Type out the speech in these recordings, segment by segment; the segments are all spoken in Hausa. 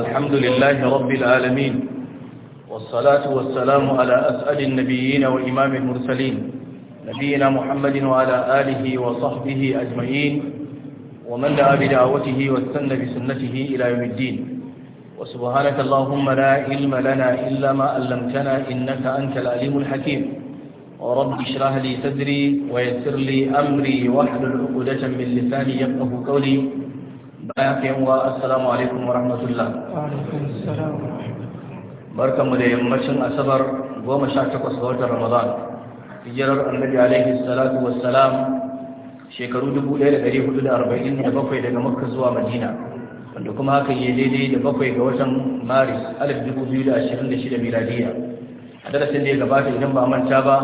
الحمد لله رب العالمين والصلاة والسلام على أسأل النبيين وإمام المرسلين نبينا محمد وعلى آله وصحبه أجمعين ومن دعا بدعوته واستنى بسنته إلى يوم الدين وسبحانك اللهم لا علم لنا إلا ما علمتنا إنك أنت العليم الحكيم ورب اشرح لي صدري ويسر لي أمري واحلل عقدة من لساني يفقه قولي bayan ka yamuwa assalamu alaikum wa rahmatullah barkanmu da yammacin asabar goma sha takwas ga watan ramadan hijirar annabi alaihi salatu wassalam shekaru dubu ɗaya da da da hudu arba'in bakwai daga makka zuwa madina wanda kuma hakan yi daidai da bakwai ga watan maris alif dubu biyu da da ashirin 2026 miladiya a darasin da ya gabata idan ba manta ba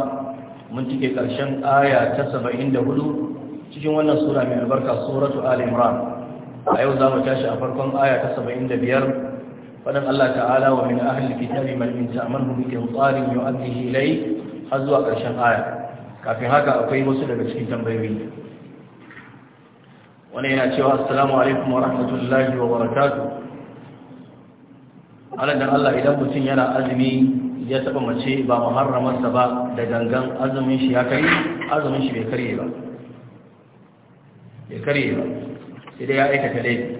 mun cike ƙarshen aya ta saba'in da hudu cikin wannan sura mai albarka suratu al-imran a yau za mu tashi a farkon aya ta saba'in da biyar, faɗin Allah ta'ala wa min ahli kitabi man in ta'amanhu bi qintarin yu'addihi ilay har zuwa ƙarshen aya kafin haka akwai wasu daga cikin tambayoyi wani yana cewa assalamu alaikum wa rahmatullahi wa barakatuh aladan Allah idan mutum yana azumi ya taba mace ba muharramarsa ba da gangan azumin shi ya kai azumin shi bai karye ba bai karye ba sai dai ya aikata laifi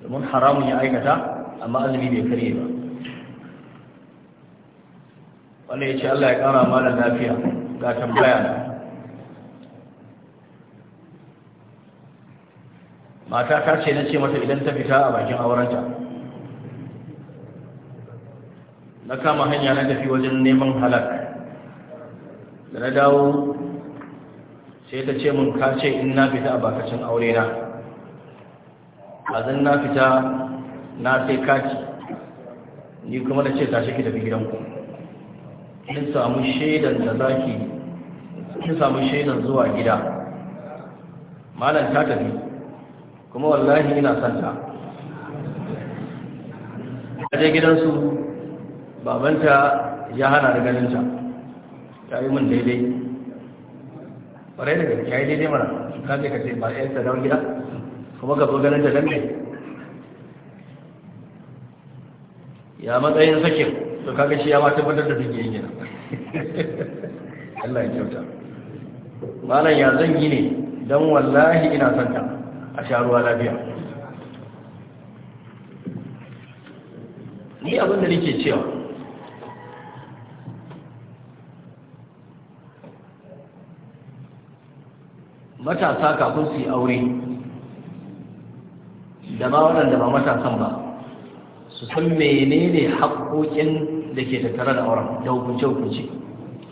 domin haramun ya aikata amma azumi bai kare ba wannan ya ce Allah ya kara malar lafiya ga tambaya mata ta ce na ce mata idan ta fita a bakin aurenta na kama hanya na tafi wajen neman halak da na dawo sai ta ce mun ka ce in na fita a bakacin aure na azan na fita na sai kaci ni kuma na ce tashi ki tafi gidanku kin samu shaidan da zaki kin samu shaidan zuwa gida malam ta tafi kuma wallahi ina son ta aje gidansu babanta ya hana da ganinta ta yi mun daidai ƙwarai da gaske ya yi daidai mana kan ka ce ba 'yan don gida kuma ka zo ganin ta ne ya matsayin sakin to kaga shi ya ma tabbatar da take yin Allah ya kyauta malam ya zan yi ne dan wallahi ina son ta a sha lafiya ni abin da nake cewa matasa kafin su yi aure da ma waɗanda ba matasan ba su san menene haƙoƙin da ke tattare da auren da hukunce-hukunce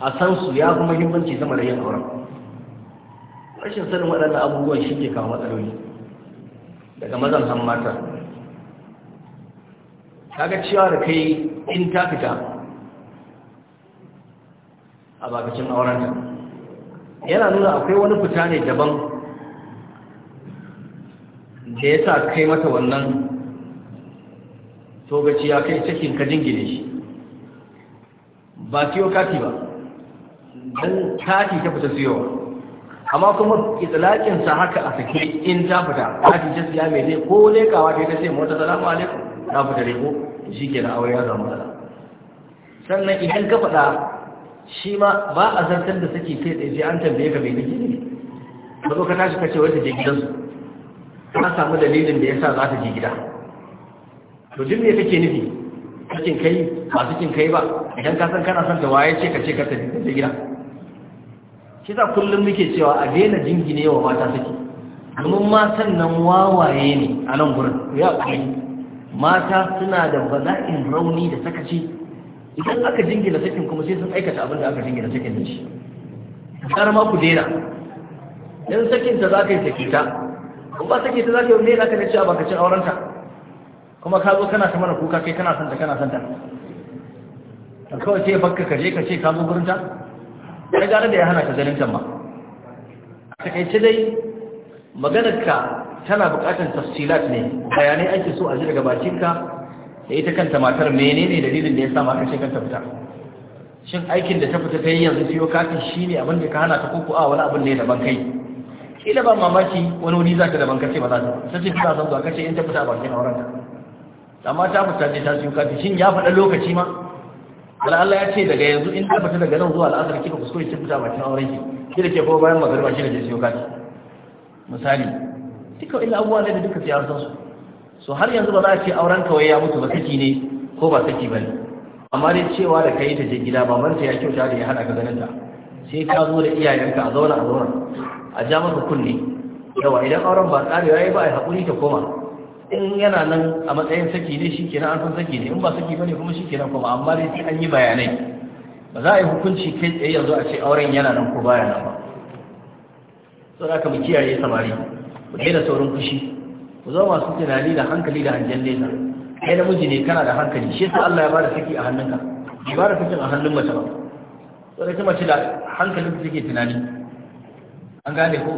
a san su ya fi muhimmanci zama da yin auren rashin sanin waɗannan abubuwan shi ke kawo matsaloli daga mazan san mata kaga cewa da kai in ta fita a bakacin aurenta yana nuna akwai wani fita ne daban da ya sa kai mata wannan togaci ya kai cikin ka jingine shi ba kiyo kati ba don kati ta fita siyowa amma kuma itilakin sa haka a sake in ta fita kati ta siya mai dai ko lekawa ta ta ce wata salamu alaikum ta fita ko shi ke na aure ya zama matsala sannan idan ka faɗa shi ma ba a zartar da saki kai tsaye an tambaye ka mai nake ne ka zo ka tashi ka ce wata je gidansu ta samu dalilin da ya sa za ta je gida to duk me kake nufi cikin kai ba cikin kai ba idan ka san kana son ta waye ce ka ce ka tafi gida shi za kullum muke cewa a daina jingine wa mata suke domin matan nan wawaye ne a nan gurin ya kai mata suna da bala'in rauni da sakaci idan aka jingina sakin kuma sai sun aikata abin da aka jingina sakin da shi kar ma ku daina Yan sakin ta za ka yi sakita ba take ta zaka me zaka ne cewa baka cin aurenta kuma ka zo kana ta mana kuka kai kana santa kana santa ta kawai ce bakka ka je ka ce ka zo gurin ta kai da ya hana ka ganin ta ma a takaice dai maganar ka tana buƙatar tafsilat ne bayanai ake so a ji daga bakinka da ita kanta matar menene dalilin da ya sa maka ce kanta fita shin aikin da ta fita ta yi yanzu fiyo shi shine abin da ka hana ta kuku a wani abin ne daban kai ila ba mamaki wani wuri za ka daban kace ba za ta ta ce kana son zuwa kace in ta fita ba ke auren ta amma ta fita ce ta siyo ka shin ya faɗa lokaci ma wala Allah ya ce daga yanzu in ta fita daga nan zuwa al'asar kika kuskure ki fita ba ke auren ki ki da ke ko bayan magariba shi da ke siyo kaki misali duka illa abuwa ne da duka ya san su so har yanzu ba za a ce auren kawai ya mutu ba saki ne ko ba saki bane amma dai cewa da kai ta je gida ba manta ya kyauta da ya hada ka ganin ta sai ka zo da iyayenka a zauna a zauna a ja maka kunne yawa idan auren ba karewa ya ba a haƙuri ta koma in yana nan a matsayin saki ne shi kenan an san saki ne in ba saki bane kuma shi kenan kuma amma dai sai an yi bayanai ba za a yi hukunci kai tsaye yanzu a ce auren yana nan ko baya nan ba sau da mu kiyaye samari ku daina saurin fushi ku zo masu tunani da hankali da hangen nesa kai namiji ne kana da hankali shi yasa Allah ya bada saki a hannunka ba da sakin a hannun mace ba wadda ta mace da hankalin da take tunani an gane ko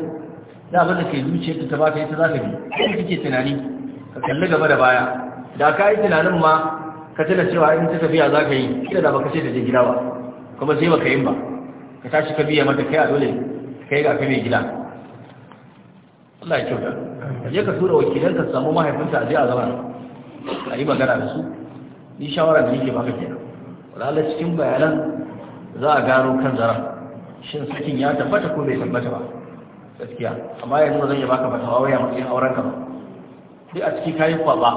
da abin da ke zuciya ta ba ta ita za ta bi kuma take tunani ka kalli gaba da baya da ka yi tunanin ma ka tuna cewa in ta tafiya za ka yi kila da baka ce ta je gida ba kuma sai baka yin ba ka tashi ka biya mata kai a dole kai ga ka mai gida Allah ya kyauta ka je ka tura wakilan ka samu mahaifinta a je a zama a yi magana da su ni shawara da ba baka kenan wala cikin bayanan za a gano kan zara shin sakin ya tabbata ko bai tabbata ba gaskiya amma yanzu zan yi baka fatawa waya matsayin auren ka ba sai a ciki kayi kwalla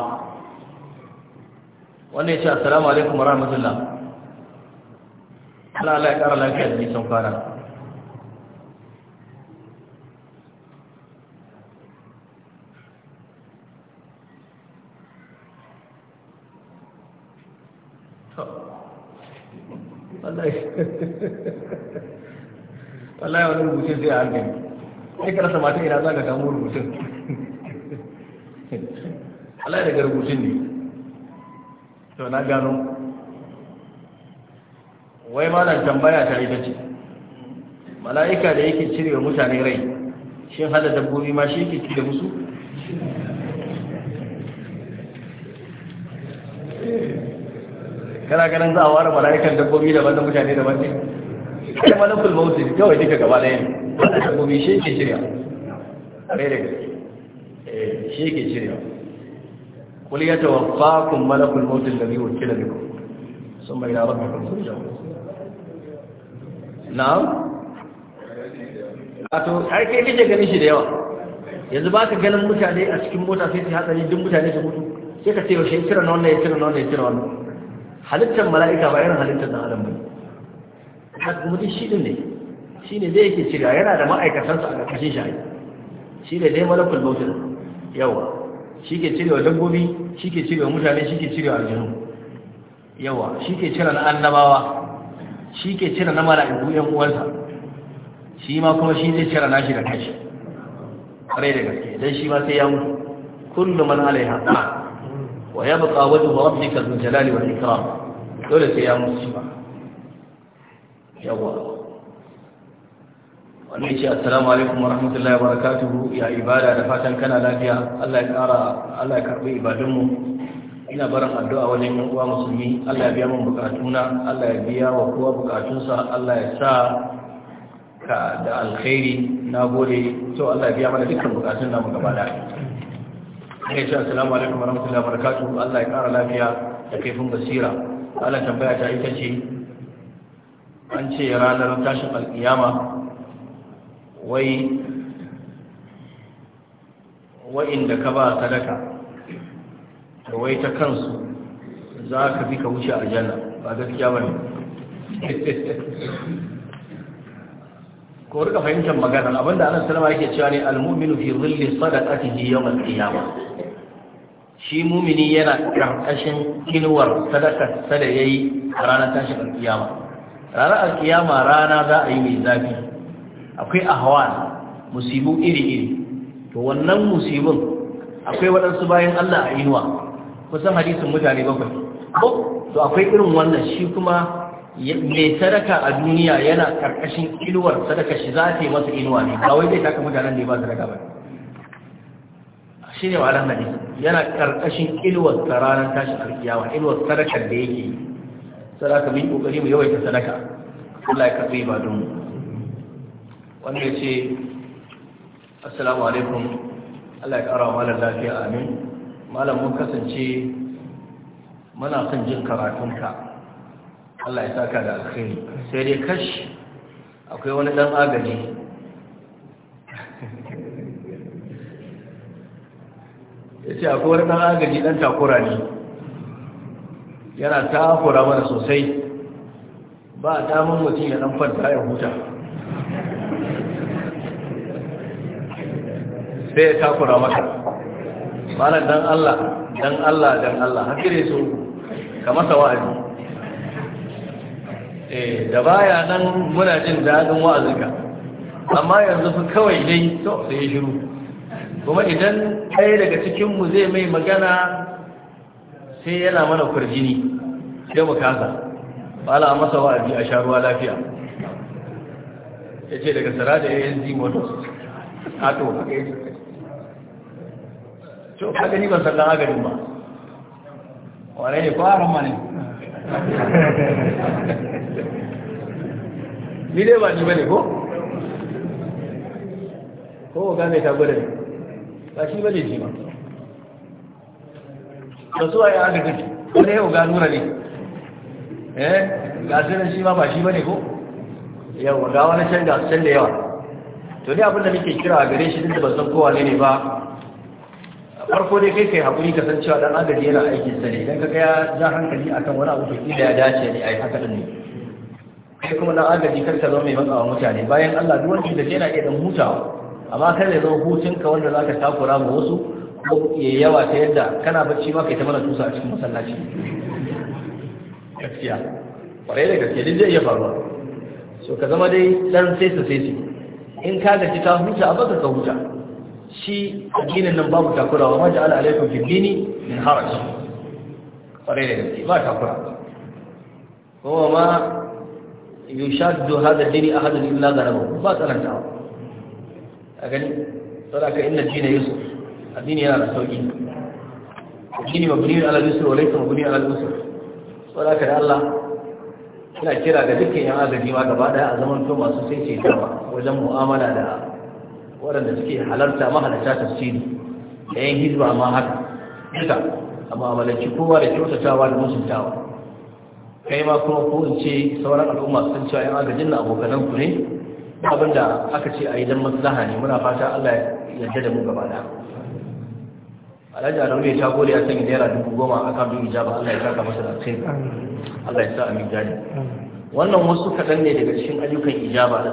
wannan ya ce assalamu alaikum wa rahmatullah Allah ya kara lafiya da nisan fara wallahi wani rubutun sai a hankali sai ka rasa mata ina za ka samu rubutun wallahi daga rubutun ne to na gano wai malam tambaya ta ita ce mala'ika da yake cire mutane rai shin hada dabbobi ma shi yake cire musu kana ganin za a ware mala'ikan dabbobi daban da mutane daban ne kai malakul mawuti kawai duka gaba ɗaya ne wannan dabbobi shi ke shirya kare da eh, shi ke shirya Kuli ya tawaffakum malakul mauti alladhi wukila bikum da ila sun turja'un na'am wato har kai kake ganin shi da yawa yanzu ba ka ganin mutane a cikin mota sai su hatsari duk mutane su mutu sai ka ce yaushe ya cire na wannan ya cire na wannan ya cire wannan halittar mala'ika ba irin halittar dan adam bane kuma duk shi din ne shi ne zai yake cira yana da ma’aikatarsa a ƙarƙashin shi shi ne dai malakul mautu da yawa shi ke cire wa dabbobi shi ke cire wa mutane shi ke cire wa aljanu yawa shi ke cire na annabawa shi ke cire na mara mala'iku yan uwansa shi ma kuma shi zai cire nashi da kashi ƙwarai da gaske dan shi ma sai ya mutu kullum man alaiha wa yabqa wajhu rabbika dhul jalali wal ikram dole sai ya musu ba yawa wannan ce assalamu alaikum warahmatullahi wabarakatuh ya ibada da fatan kana lafiya Allah ya kara ibadunmu ina barin addu'a wajen yan uwa musulmi Allah ya biya min bukatuna Allah ya biya wa kowa bukatunsa Allah ya sa ka da alkhairi na gode to Allah ya biya mana dukkan bukatun namu gaba da kai ce assalamu alaikum warahmatullahi wabarakatuh Allah ya kara lafiya da kaifin basira Allah tambaya ta ita ce an ce ranar tashin alkiyama wai wa'inda ka ba sadaka da wai ta kansu za ka fi ka wuce a janna ba gaskiya ba ne ko rika fahimtar magana abinda anan salama yake cewa ne almuminu fi zilli sadaqatihi yi al-qiyamah shi mumini yana karkashin inuwar sadakar sada ya yi a ranar tashin alkiyama ranar alkiyama rana za a yi mai zafi akwai ahawal musibu iri-iri to wannan musibin akwai waɗansu bayan allah a inuwa kusan hadisin mutane bakwai to akwai irin wannan shi kuma mai sadaka a duniya yana karkashin inuwar sadaka shi za ta yi masa inuwa ne ba wai zai taka mutanen da ya ba sadaka ba shi ne wa'alan hadisi yana ƙarƙashin ilwar ta ranar tashin wa, ilwar sadakar da yake yi sadaka mai ƙoƙari mu yawaita sadaka Allah ya karɓi ba don wanda ya ce assalamu alaikum Allah ya ƙara malar lafiya amin malam mun kasance muna son jin karatunka Allah ya saka da alkhairi sai dai kashi akwai wani ɗan agaji ya ce akwai wani ɗan agaji ɗan takura ne yana takura mana sosai ba damar mutum ya ɗan fanta ya huta sai ya takura maka malar dan Allah dan Allah dan Allah hankali su ka masa wa'azi eh da baya nan muna jin daɗin wa'azinka amma yanzu su kawai dai to sai ya shiru kuma idan ɗaya daga cikinmu zai mai magana sai yana mana kurjini sai mu kasa Ba la masa wa'azi a sharuwa lafiya ya ce daga tsara da anz motors ato haka to haka ni ban sallan agarin ba wane ne ko haram mani ni dai ba ni ba ne ko? ko gane ta gwada ne ba shi bane shi ba da su ai aka kace wani yau ga nura ne eh ga sanin shi ma ba shi ba ne ko yau ga wani can ga can da yawa to ni abin da nake kira a gare shi din da ban san kowa ne ne ba farko dai kai kai hakuri ka san cewa dan agaji yana aikin sa ne idan ka ya ja hankali akan wani abu to da ya dace ne yi haka din ne kai kuma dan agaji kar ka zama mai matsawa mutane bayan Allah duk wanda da yana iya dan hutawa amma kada ya zama hutunka wanda za ka takura ma wasu ko ya yawa ta yadda kana bacci ma kai ta mana tusa a cikin masallaci gaskiya kwarai da gaskiya duk zai iya faruwa so ka zama dai dan sai su sai su in ka gaji ka huta a baka ka huta shi addinin nan babu takurawa ma ala alaikum fi dini min haraj kwarai da gaskiya ba takura kuma ma yushaddu hadha dini ahadun illa ghalabahu ba tsanantawa a gani sadaka inna dina yusuf addini yana da sauki addini mabni ala yusuf wa laysa mabni ala yusuf ka da Allah ina kira ga dukkan yan agaji ma gaba daya a zaman to masu sai ce dama wajen mu'amala da waɗanda suke halarta mahalarta tafsiri da yan hizba ma haka duka a mu'amalanci kowa da kyautatawa da mutuntawa kai ma kuma ko in ce sauran al'umma sun cewa yan agajin na abokanan ku ne abin da aka ce a yi don maslaha ne muna fata Allah ya yarda da mu gaba da alhaji adamu ya shago da ya sanya naira dubu goma a kan bin ijaba Allah ya saka masa da alkhairi Allah ya sa a mijani wannan wasu kaɗan ne daga cikin ayyukan ijaba da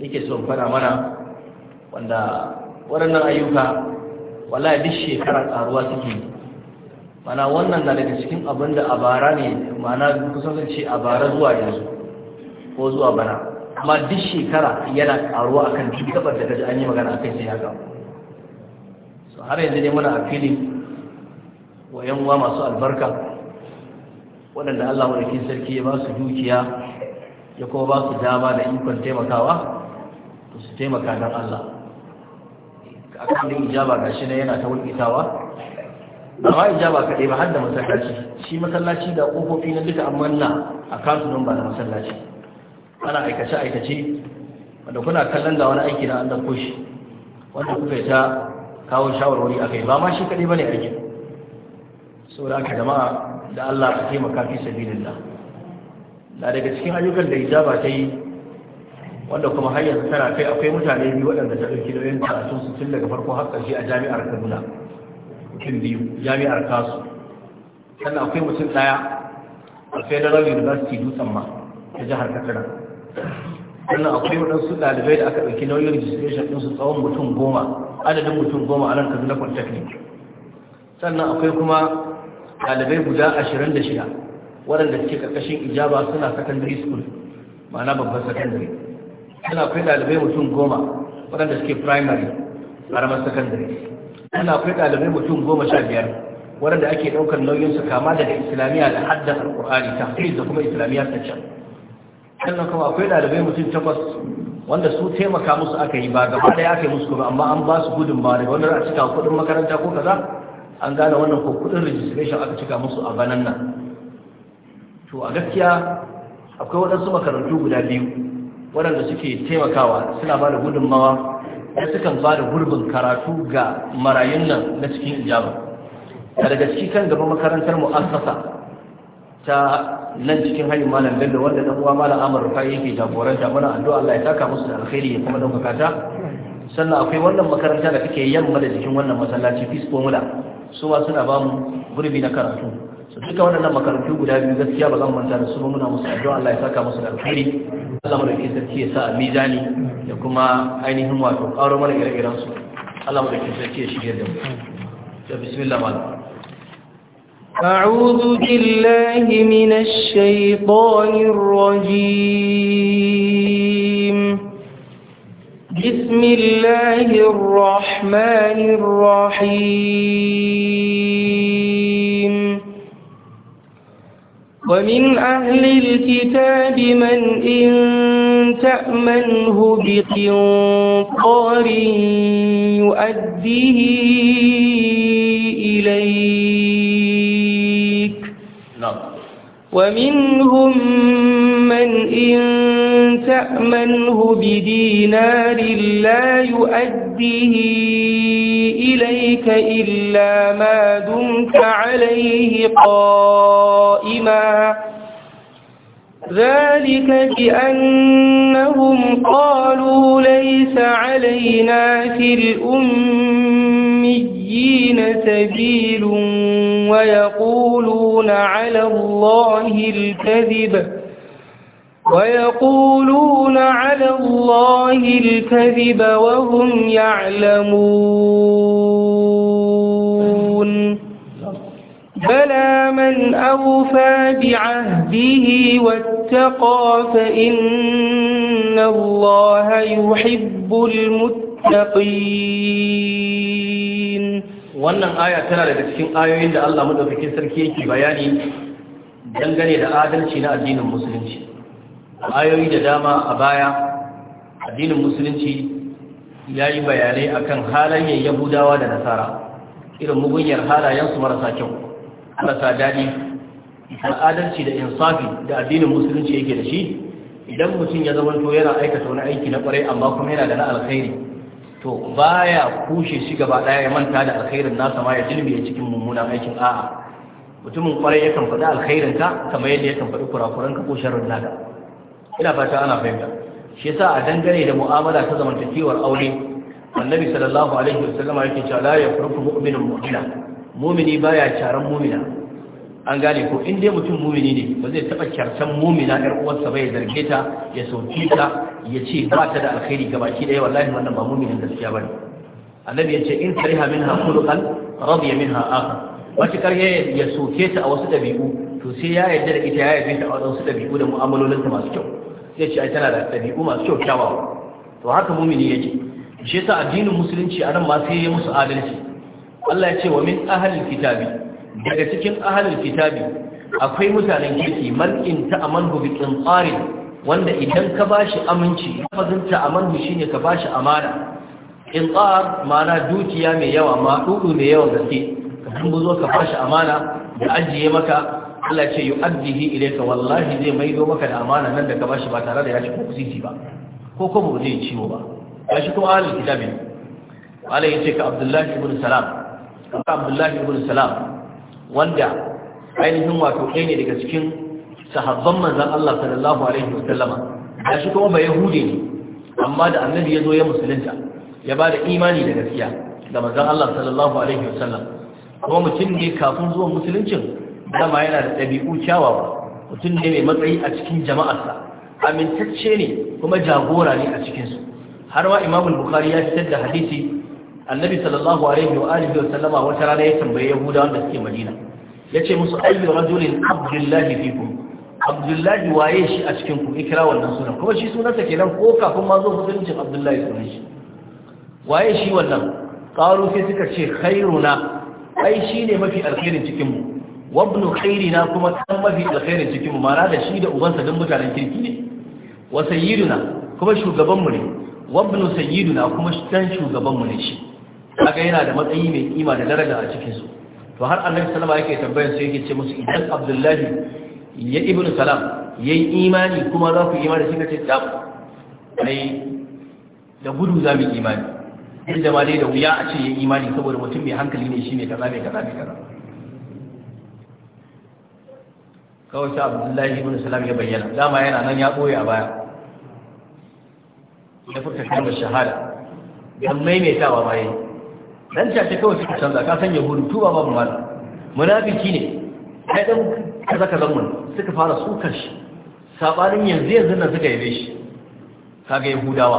nake so faɗa mana wanda waɗannan ayyuka wallahi duk shekara ƙaruwa suke mana wannan na daga cikin abin da a bara ne mana kusan ce a bara zuwa yanzu ko zuwa bana amma duk shekara yana karuwa akan duk gabar da kaji an yi magana akan sai ya gabu so har yanzu ne muna a fili wa yan masu albarka waɗanda Allah madaukin sarki ya ba su dukiya ya kuma ba su dama da ikon taimakawa to su taimaka don Allah akan da ijaba shi ne yana ta wulkitawa amma ijaba kaɗai ba har da masallaci shi masallaci da ƙofofi na duka amma na a kasu don ba da masallaci ana aikace aikace wanda kuna kallon ga wani aiki na an dauko shi wanda kuka ta kawo shawarwari akai ba ma shi kaɗai ba ne aiki saboda aka jama'a da Allah ka taimaka fi da. na daga cikin ayyukan da ijaba ta yi wanda kuma har yanzu tana kai akwai mutane biyu waɗanda ta ɗauki nauyin karatun su tun daga farko har ƙarshe a jami'ar Kaduna mutum biyu jami'ar Kasu sannan akwai mutum ɗaya a Federal University Dutsen ma ta jihar Katsina sannan akwai waɗansu ɗalibai da aka ɗauki nauyin registration ɗinsu tsawon mutum goma adadin mutum goma a nan kaduna polytechnic sannan akwai kuma ɗalibai guda ashirin da shida waɗanda suke ƙarƙashin ijaba suna secondary school ma'ana babban secondary sannan akwai ɗalibai mutum goma waɗanda suke primary ƙaramar secondary sannan akwai ɗalibai mutum goma sha biyar waɗanda ake ɗaukar nauyinsu kama daga islamiyya da haddasa alƙur'ani ta da kuma islamiyya ta can sannan kuma akwai ɗalibai mutum takwas wanda su taimaka musu aka yi ba gaba ɗaya aka yi musu kuma amma an ba su gudun ba daga wanda a cika kuɗin makaranta ko kaza an gane wannan ko kuɗin registration aka cika musu a banan nan to a gaskiya akwai waɗansu makarantu guda biyu waɗanda suke taimakawa suna ba da gudunmawa da sukan ba da gurbin karatu ga marayun nan na cikin ijaba daga ciki kan gaba makarantar mu'assasa ta nan cikin hanyar malam bello wanda dan uwa malam amur da yake jagoranta mana addu'a Allah ya saka musu da alkhairi ya kuma dauka ta sannan akwai wannan makaranta da take yamma da jikin wannan masallaci peace formula su ma suna ba mu gurbi na karatu su duka wannan makarantu guda biyu gaskiya ba zan manta da su ba muna musu addu'a Allah ya saka musu da alkhairi Allah mu dake sarki ya sa a mizani da kuma ainihin wato karo mana ire-iren su Allah mu dake sarki ya shige da mu bismillah malam أعوذ بالله من الشيطان الرجيم بسم الله الرحمن الرحيم ومن أهل الكتاب من إن تأمنه بقنطار يؤديه إليك نعم. ومنهم من إن تأمنه بدينار لا يؤديه إليك إلا ما دمت عليه قائما ذلك بأنهم قالوا ليس علينا في الأمة الأميين سبيل ويقولون على الله الكذب ويقولون على الله الكذب وهم يعلمون بلى من أوفى بعهده واتقى فإن الله يحب المتقين wannan aya tana daga cikin ayoyin da Allah madaukakin sarki yake bayani dangane da adalci na addinin musulunci ayoyi da dama a baya addinin musulunci ya yi bayanai akan halayen yahudawa da nasara irin mugunyar halayensu marasa kyau marasa daɗi da adalci da insafi da addinin musulunci yake da shi idan mutum ya zamanto yana aikata wani aiki na kwarai amma kuma yana da na alkhairi to baya kushe shi gaba daya ya manta da alkhairin nasa ma ya ya cikin mummunan aikin a'a mutumin kwarai yakan faɗi alkhairin ka kamar yadda yakan faɗi kurakuran ka ko sharrin naka ina fata ana fahimta shi yasa a dangane da mu'amala ta zamantakewar aure annabi sallallahu alaihi Wasallama yake cewa la yafruku mu'minu mu'mina mu'mini baya charan mu'mina an gane ko in dai mutum mumini ne ba zai taɓa kyarcan mumina ɗar uwarsa bai zarge ta ya sauki ta ya ce ba ta da alkhairi gabaki ɗaya wallahi wannan ba muminin gaskiya bane annabi ya ce in kariha minha khuluqan radiya minha akhar wace karhe ya soke ta a wasu dabi'u to sai ya yarda da ita ya yarda ta a wasu dabi'u da mu'amalolin ta masu kyau sai ce ai tana da dabi'u masu kyau kyawawa to haka mumini yake shi yasa addinin musulunci a nan ma sai ya musu adalci Allah ya ce wa min ahlil kitabi daga cikin ahlil kitabi akwai mutanen kirki man in ta'amanhu bi qintarin wanda idan ka bashi aminci fazinta amanu ne ka shi amana in tsar mana dukiya mai yawa ma dudu mai yawa gaske kan buzo ka bashi amana da ajiye maka Allah ce yu'addihi ilayka wallahi zai maido maka da amana nan da ka shi, ba tare da ya ci ko kusiti ba ko kuma zai ciwo ba gashi kuma ahlul kitabi Allah yace ka Abdullahi ibn Salam ka Abdullahi ibn Salam wanda ainihin wato ɗaya ne daga cikin sahabban manzan Allah sallallahu alaihi wasallama da shi kuma ba yahudi ne amma da annabi ya zo ya musulunta ya ba da imani da gaskiya ga manzan Allah sallallahu alaihi wasallam kuma mutum ne kafin zuwan musuluncin dama yana da ɗabi'u kyawawa mutum ne mai matsayi a cikin jama'arsa amintacce ne kuma jagora ne a cikinsu har ma imamul bukhari ya fitar da hadisi annabi sallallahu alaihi wa alihi wa sallama wata rana ya tambaye yahudawan wanda suke madina ce musu ayyu rajulin abdullahi fikum abdullahi waye shi a cikin ku ikira wannan suna kuma shi sunansa kenan ko kafin ma zo musuluncin abdullahi sunan shi waye shi wannan qalu sai suka ce khairuna ai shi ne mafi alkhairin cikin mu wabnu khairina kuma dan mafi alkhairin cikin mu mara da shi da ubansa dan mutanen kirki ne wa sayyiduna kuma shugaban mu ne wabnu sayyiduna kuma dan shugaban mu ne shi kaga yana da matsayi mai kima da daraja a cikin su to har annabi sallama yake tambayar su yake ce musu idan abdullahi ya ibn salam ya yi imani kuma za ku imani shi ka ce tab ai da gudu za mu imani duk da ma dai da wuya a ce ya imani saboda mutum mai hankali ne shi ne kaza mai kaza mai kaza kawai sai abdullahi ibn salam ya bayyana dama yana nan ya ɓoye a baya ya furta kalmar shahada don maimaitawa ma yayi dan ce kawai suka canza ka san yahudu tuba babu mal munafiki ne kai dan kaza kaza mun suka fara sukar shi sabanin yanzu yanzu na suka yabe shi kaga yahudawa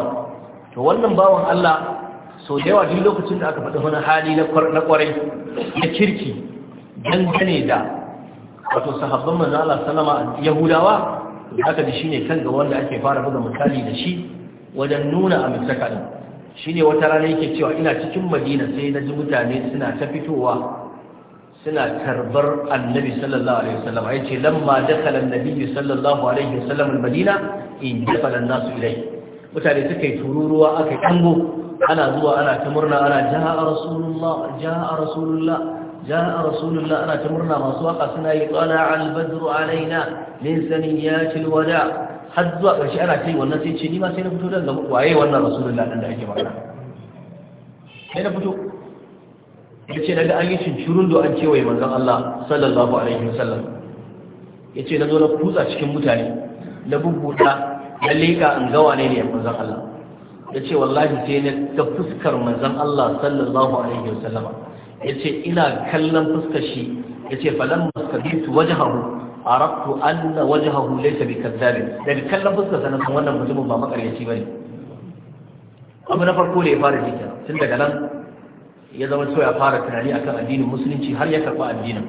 to wannan bawan Allah sau da yawa duk lokacin da aka faɗi wani hali na kwarai na kirki gane da wato sahabban manzo Allah sallama yahudawa haka da shine kan ga wanda ake fara buga misali da shi wajen nuna amintaka din shine wata rana yake cewa ina cikin Madina sai na ji mutane suna ta fitowa suna tarbar annabi sallallahu alaihi wasallam ai ce lamma dakala annabi sallallahu alaihi wasallam madina in dakala nasu ilai mutane suka yi tururuwa aka kango ana zuwa ana ta murna ana ja'a rasulullah ja'a rasulullah ja'a rasulullah ana ta murna masu waka suna yi tsala albadru alaina min saniyatil wada har zuwa ƙarshe ana ta yi wannan sai ce ni ma sai na fito daga ga waye wannan rasulullah dan da ake magana sai na fito ya ce na ga an yi cincirun da an kewaye manzan Allah sallallahu alaihi wasallam ya ce na zo na kutsa cikin mutane na bubbuta na leƙa an gawa ne ne manzan Allah ya ce wallahi sai na ga fuskar manzan Allah sallallahu alaihi wasallama ya ce ina kallon fuskar shi ya ce falan maskabitu wajahahu arabtu anna wajahahu laysa bikazzab daga kallon fuskar sa na san wannan mutumin ba makaryaci bane abu na farko ne ya fara jikin tun daga nan ya zama so ya fara tunani akan addinin musulunci har ya karɓi addinin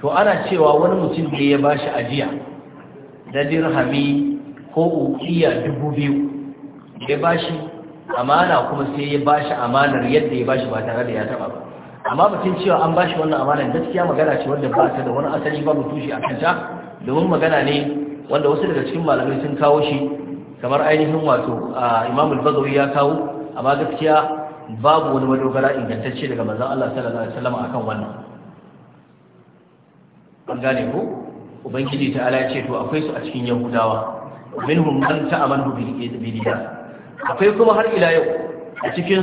to ana cewa wani mutum ne ya ba shi ajiya da dirhami ko iya dubu biyu ya ba shi amana kuma sai ya ba shi amanar yadda ya ba shi ba tare da ya taɓa ba amma mutum cewa an ba shi wannan amanar gaskiya magana ce wanda ba ta da wani asali ba babu tushe a kanta domin magana ne wanda wasu daga cikin malamai sun kawo shi kamar ainihin wato imamul bazawi ya kawo amma gaskiya babu wani madogara ingantacce daga manzon Allah sallallahu alaihi wasallam akan wannan an gane ko ubangiji ta ala ce to akwai su a cikin yahudawa minhum man ta'amanu bil akwai kuma har ila yau a cikin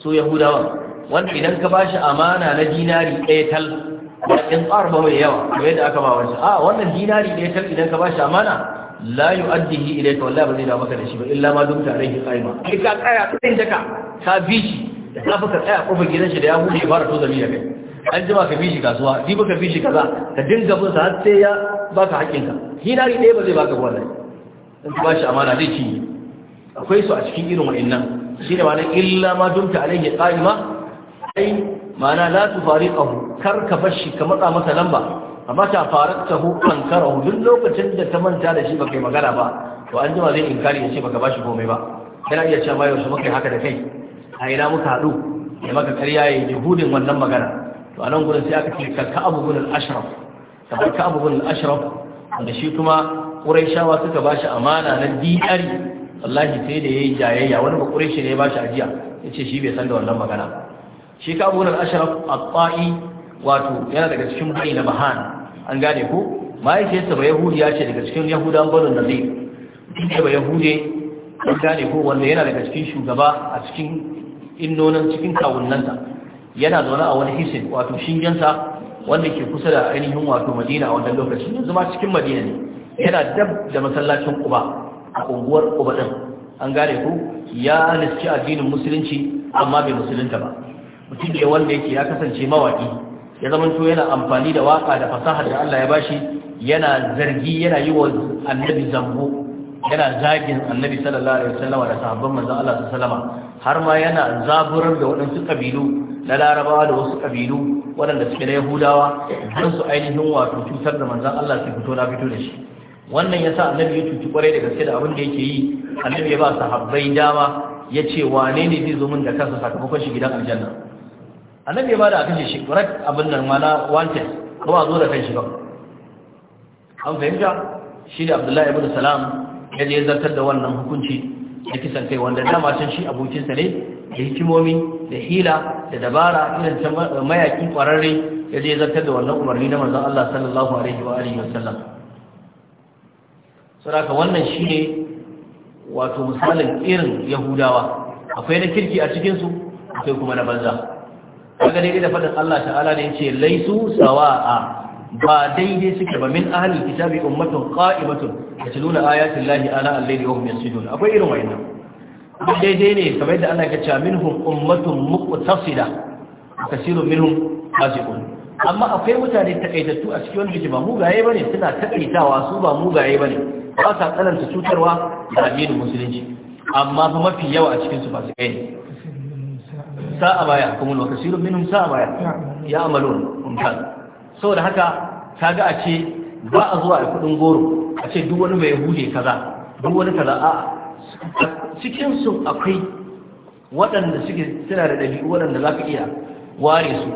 su yahudawa wanda idan ka bashi amana na dinari ɗaya tal ba in tsar ba mai yawa kamar yadda aka ba wancan a wannan dinari ɗaya tal idan ka bashi amana la yu'addihi ilayka wallahi ba zai dawo maka da shi ba illa ma tare alaihi qaima kai ka tsaya tsayin daka ka bi shi da kafa ka tsaya kofar gidan shi da ya hude fara to zami da kai an jima ka bi shi kasuwa bi baka bi shi kaza ka dinga bin sa har sai ya baka hakkin ka hinari ɗaya ba zai baka wallahi in ka bashi amana zai ci akwai su a cikin irin wa'annan Shi ne ma'ana illa ma ta alaihi qaima ai ma'ana la tufariqahu kar ka bar shi ka matsa masa lamba amma ta farar ta hukun karahu duk lokacin da ta manta da shi ba kai magana ba to an jima zai inkari ya ce baka bashi komai ba yana iya cewa mai wasu muka haka da kai a ina muka haɗu ya maka karya ya yi hudin wannan magana to a nan gudun sai aka ce ka abu gurin ashraf ka bar ka abu ashraf wanda shi kuma ƙuraishawa suka bashi amana na di'ari wallahi sai da yayi jayayya wani bakure shi ne ya bashi ajiya ce shi bai san da wannan magana shi ka abu ashraf a wato yana daga cikin bai na bahan an gane ku mahaifiyarsa ba yahudiya ce daga cikin yahudan barin da zai ce ba yahude an gane ku wanda yana daga cikin shugaba a cikin innonan cikin ta? yana zaune a wani hisin wato shingensa wanda ke kusa da ainihin wato madina a wannan lokacin yanzu ma cikin madina ne yana dab da masallacin kuba a unguwar kuba din an gane ku ya halarci addinin musulunci amma bai musulunta ba mutum ne wanda yake ya kasance mawaki ya zama to yana amfani da waka da fasahar da Allah ya bashi yana zargi yana yi wa annabi zambo yana zagin annabi sallallahu alaihi wasallam da sahabban manzo Allah sallallahu alaihi har ma yana zaburar da waɗansu kabilu na larabawa da wasu kabilu waɗanda suke da yahudawa don su ainihin wato cutar da manzo Allah su fito na fito da shi wannan yasa annabi ya cuci kwarai da gaske da abin da yake yi annabi ya ba sahabbai dama ya ce wane ne zai zo min da kansa sakamakon shi gidan aljanna annabi ya bada a kashe shi rak abin nan mana wanted ko ba zo da kan ba an fahimta shi da abdullahi ibn salam ya je zartar da wannan hukunci ya kisan kai wanda dama can shi abokinsa ne da hikimomi da hila da dabara irin ta mayaki kwararre ya je zartar da wannan umarni na manzon Allah sallallahu alaihi wa alihi wasallam saboda wannan shine wato misalin irin yahudawa akwai na kirki a cikin su akwai kuma na banza kaga daidai da fadin Allah ta'ala da yace laisu sawa'a ba daidai suke ba min ahlul kitabi ummatun qa'imatun yatluna ayati llahi ala al-layli wa hum yasjudun akwai irin wayannan daidai ne kamar yadda Allah ya ce minhum ummatun muqtasida kasirun minhum amma akwai mutane takaitattu a cikin wanda ba mugaye bane suna takaitawa su ba mugaye bane ba sa tsananta cutarwa da addinin musulunci amma fa mafi yawa a cikin su fasikai ne sa'a baya kuma wa kasirun minhum sa'a baya ya amalun umtan da haka ta ga a ce ba a zuwa a kudin goro a ce duk wani mai huje kaza duk wani kaza a cikin su akwai waɗanda suke suna da ɗabi'u waɗanda za ka iya ware su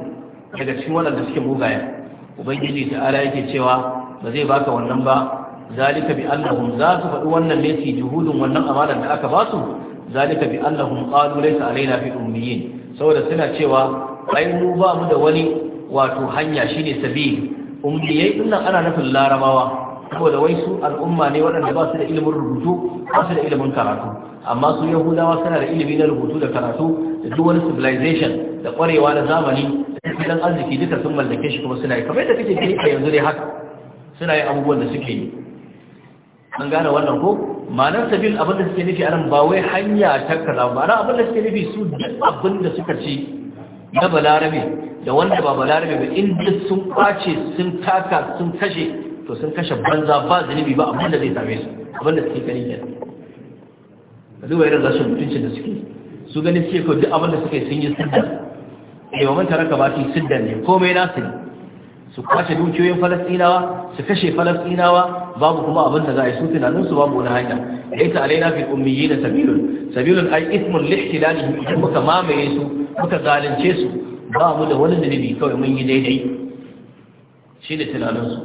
daga cikin waɗanda suke mugaya ubangiji ta ala yake cewa ba zai baka wannan ba zalika bi annahum za su faɗi wannan ne su juhudun wannan amanar da aka ba su zalika bi annahum qalu laysa alaina fi ummiyin saboda suna cewa ai mu ba mu da wani wato hanya shine sabili ummiyai din nan ana nufin larabawa saboda wai su al'umma ne waɗanda ba su da ilimin rubutu ba su da ilimin karatu amma su yahudawa suna da ilimi na rubutu da karatu da duk wani civilization da ƙwarewa na zamani da arziki duka sun mallake shi kuma suna yi kamar yadda kake gani a yanzu dai haka suna yi abubuwan da suke yi an gane wannan ko ma'anar sabil abin da suke nufi anan ba wai hanya ta kaza ba na abin da suke nufi su duk abin da suka ce na balarabe da wanda ba balarabe ba in duk sun kwace sun taka sun kashe to sun kashe banza ba zunubi ba abin da zai same su abin da suke gani kenan duba irin su mutuncin da suke su ganin suke ko duk abin da suke sun yi sidda eh, ne ba manta raka ba su sidda ne komai na su ne. su kwace dukiyoyin Falasɗinawa, su kashe Falasɗinawa, babu kuma abin da za a yi su tunanin su babu wani hanya laysa alaina fil da sabilun sabilun ai ismun lihtilalihim muka mamaye su muka zalunce su ba mu da wani dalili kawai mun yi daidai shi da tunanin su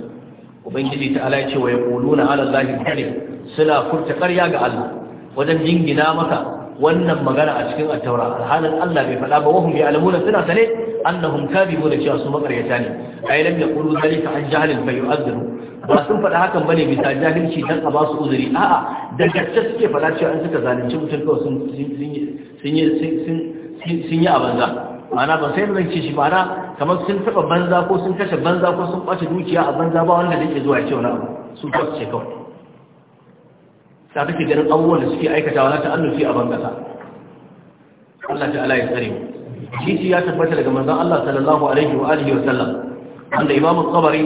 ubangiji ta ala ce wa yaquluna ala allahi suna furta ƙarya ga Allah wajen jingina maka wannan magana a cikin attaura halin Allah bai faɗa ba wahum ya'lamuna suna sane annahum kadibuna cewa su makaryata ne ay lam yaqulu zalika an jahlin bai yu'adhiru ba sun faɗa hakan bane bisa jahilci dan a basu uzuri a'a da gaske suke faɗa cewa an suka zalunci mutum kawai sun sun sun sun yi a banza ma'ana ba sai zan ce shi ma'ana kamar sun taɓa banza ko sun kashe banza ko sun ɓace dukiya a banza ba wanda da ke zuwa ya ce wani abu su kawai ce kawai ta take ganin abubuwan da suke aikatawa na ta'annufi a bangasa Allah ta'ala ya tsare mu hadisi ya tabbata daga manzon Allah sallallahu alaihi wa alihi wa sallam wanda Imam al-Tabari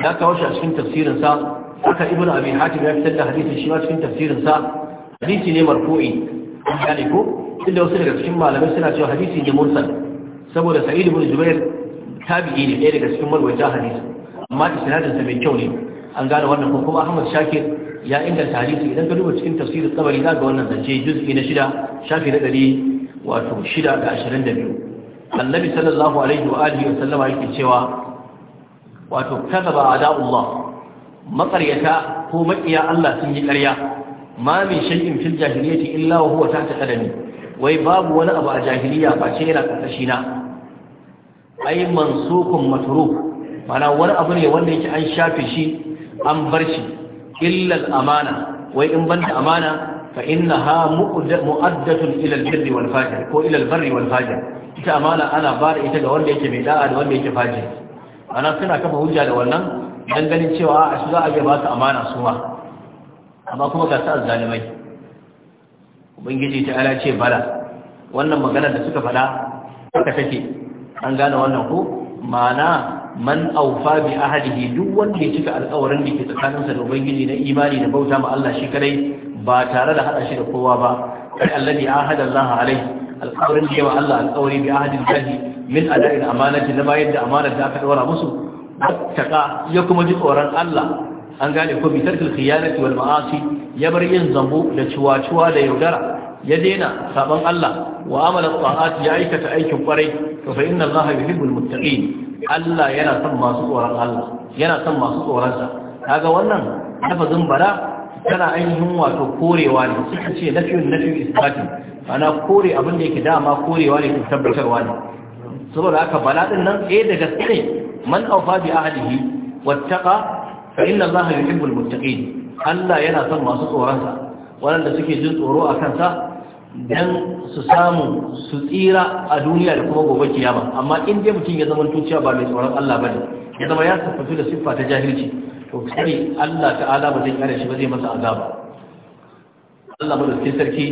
ya kawo shi a cikin tafsirin sa haka Ibn Abi Hatim ya fitar da hadisin shi ma cikin tafsirin sa hadisi ne marfu'i yani ko inda wasu daga cikin malamai suna cewa hadisi ne mursal saboda Sa'id ibn Jubair tabi'i ne ɗaya daga cikin marwaja hadisi amma isnadin sa mai kyau ne an gane wannan ko kuma Ahmad Shakir ya inganta hadisi idan ka duba cikin tafsirin tsabari za ga wannan zance juz'i na shida shafi na ɗari wato shida da ashirin da biyu annabi sallallahu alaihi wa alihi wa sallama yake cewa wato kazaba ada'ullah maƙaryata ko maƙiya Allah sun yi ƙarya ma min shay'in fil jahiliyyati illa wa huwa tahta qadami wai babu wani abu a jahiliya face yana ƙarƙashina ai mansukun matruk mana wani abu ne wanda yake an shafe shi an bar shi illal amana wai in banta amana fa innaha mu'addatun ila al-birri wal fajr ko ila al-barri wal fajr ita amana ana bada ita ga wanda yake mai da'a da wanda yake fajir ana suna kafa hujja da wannan dan ganin cewa a su za a ga ba su amana su ma amma kuma ga su azzalimai ubangiji ta ala ce bala wannan magana da suka faɗa haka take an gane wannan ko ma'ana man aufa bi ahadihi duk wanda ya cika alƙawarin da ke sa da ubangiji na imani da bauta ma Allah shi kadai ba tare da hada shi da kowa ba kai alladhi ahada Allah alai alƙawarin da yawa Allah alƙawari bi ahadin lahi min ada'il amanati na bayar da amanar da aka daura musu taka ya kuma ji tsoron Allah an gane ko bi tarkil khiyanati wal ma'asi ya bar yin zambo da ciwaciwa da yaudara ya daina saban Allah wa amala ta'ati ya aikata aikin kwarai to fa inna Allah yuhibbul muttaqin Allah yana son masu tsoron Allah yana son masu tsoronsa kaga wannan lafazin bara tana ainihin wato korewa ne suka ce nafiyun nafiyun isbatin ana kore abin da yake dama korewa ne ko tabbatarwa ne saboda haka bala din nan eh da gaske man aufa bi ahlihi wattaqa fa inna allaha yuhibbul muttaqin Allah yana son masu tsoronsa waɗanda suke jin tsoro a kansa dan su samu su tsira a duniya da kuma gobe kiyama amma in dai mutum ya zama tuciya ba mai tsoron Allah bane ya zama ya tafi da siffa ta jahilci to sai Allah ta'ala ba zai kare shi ba zai masa azaba Allah madaukakin sarki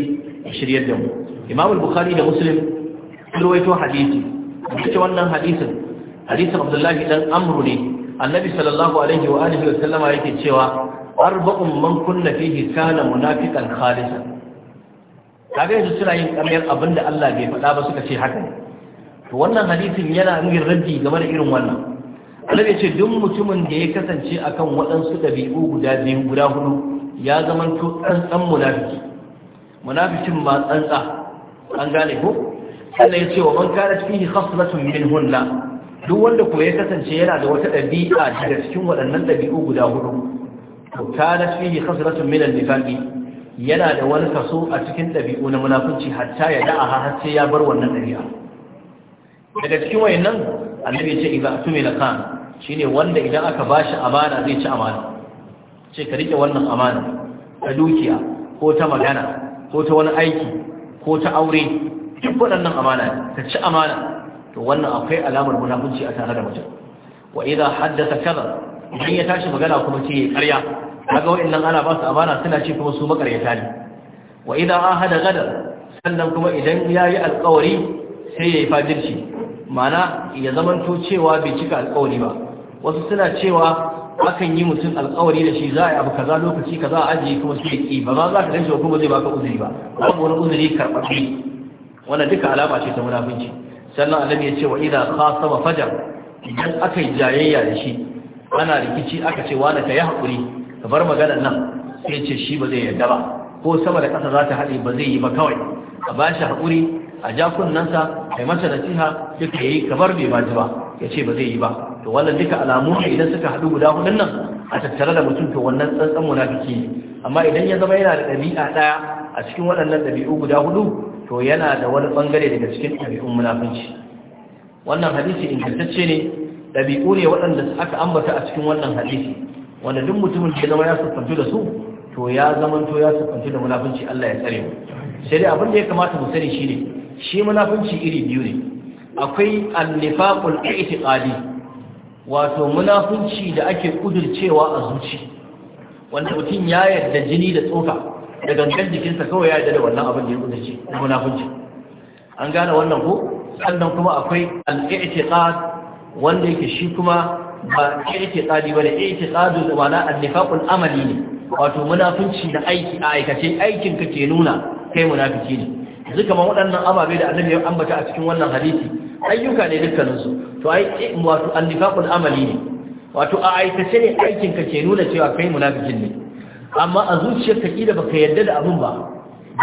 ya shiryar da mu Imam al-Bukhari da Muslim rawaito hadisi ita wannan hadisin hadisin Abdullahi dan Amr ne Annabi sallallahu alaihi wa alihi wa sallama yake cewa arba'un man kunna fihi kana munafiqan khalisan kaga yanzu suna yin ƙaryar abin da Allah bai faɗa ba suka ce haka ne to wannan hadisin yana yin raddi game da irin wannan Allah ya ce duk mutumin da ya kasance akan waɗansu ɗabi'u guda biyu guda hudu ya zamanto tsantsan munafiki munafikin ba tsantsa an gane ko Allah ya ce wa man kana fihi khaslatun minhunna duk wanda ko ya kasance yana da wata ɗabi'a daga cikin waɗannan ɗabi'u guda hudu to kana fihi khaslatun minan nifaqi yana da wani kaso a cikin ɗabi'u na munafunci hatta ya da'a har sai ya bar wannan ɗabi'a daga cikin wayannan annabi ce idza atumila kan shine wanda idan aka bashi amana zai ci amana ce ka rike wannan amana ta dukiya ko ta magana ko ta wani aiki ko ta aure duk waɗannan amana ka ci amana to wannan akwai alamar munafunci a tare da mutum wa idza haddatha kaza idan ya tashi magana kuma ce ya karya kaga wa'annan ana ba su amana suna ce kuma su makaryata ne wa idan hada gadar sannan kuma idan ya yi alƙawari sai yayi fajirci mana ya zamanto cewa bai cika alƙawari ba wasu suna cewa akan yi mutum alƙawari da shi za a yi abu kaza lokaci kaza a ajiye kuma su ki ba ma za ka ganshi kuma zai baka uzuri ba babu wani uzuri karɓaɓɓe wannan duka alama ce ta munafunci sannan annabi ya ce wa idan khasama fajar idan aka yi jayayya da shi ana rikici aka ce wani ka yi haƙuri ka bar maganar nan sai ce shi ba zai yarda ba ko sama da ƙasa za ta haɗe ba zai yi ba kawai a ba shi haƙuri a ja kunnansa a yi masa nasiha duka ya yi kamar bai ba ji ba ya ce ba zai yi ba to wannan duka alamu idan suka haɗu guda hudun nan a tattare da mutum to wannan tsantsan munafiki amma idan ya zama yana da ɗabi'a ɗaya a cikin waɗannan ɗabi'u guda hudu to yana da wani ɓangare daga cikin ɗabi'un munafunci wannan hadisi ingantacce ne ɗabi'u ne waɗanda aka ambata a cikin wannan hadisi wanda duk mutumin ke zama ya siffantu da su to ya zama to ya siffantu da munafunci Allah ya tsare mu sai dai abin da ya kamata mu sani shine shi munafunci iri biyu ne akwai annifaqul i'tiqadi wato munafunci da ake kudurcewa a zuci wanda mutum ya yarda jini da tsoka da gangan jikinsa kawai ya yarda da wannan abin da ya kudurce na munafunci an gane wannan ko sannan kuma akwai al-i'tiqad wanda yake shi kuma ba i'tiqadi ba da i'tiqadu wala an-nifaqul amali ne wato munafunci da aiki a aikace aikin ka ke nuna kai munafiki ne yanzu kamar waɗannan ababe da annabi ya ambata a cikin wannan hadisi ayyuka ne dukkanin su to ai eh, wato an-nifaqul amali ne wato a aikace ne aikin ka ke nuna cewa kai munafikin ne amma a zuciyar zuciyarka kila baka yarda da abun ba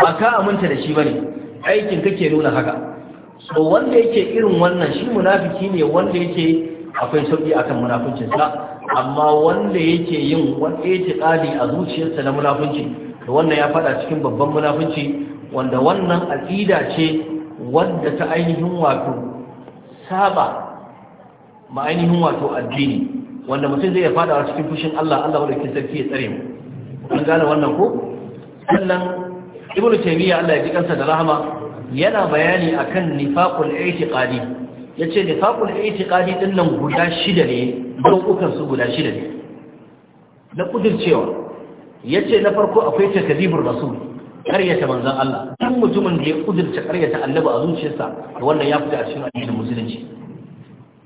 ba ka aminta da shi bane aikin ka ke nuna haka so wanda yake irin wannan shi munafiki ne wanda yake akwai sauki akan munafincin sa amma wanda yake yin wani itiqadi a zuciyarsa na munafunci, to wannan ya fada cikin babban munafunci, wanda wannan aqida ce wanda ta ainihin wato saba ma ainihin wato addini wanda mutum zai fada cikin fushin Allah Allah wanda ke sarki ya tsare mu an gane wannan ko sannan ibnu taymiya Allah ya ji kansa da rahama yana bayani akan nifaqul i'tiqadi ya ce da faƙul itikadi ɗin nan guda shida ne don ukansu guda shida ne na ƙudurcewa ya ce na farko akwai takazibur rasul ƙaryata manzan Allah ɗan mutumin da ya ƙudirce ƙaryata annaba a zuciyarsa da wannan ya fita a cikin addinin musulunci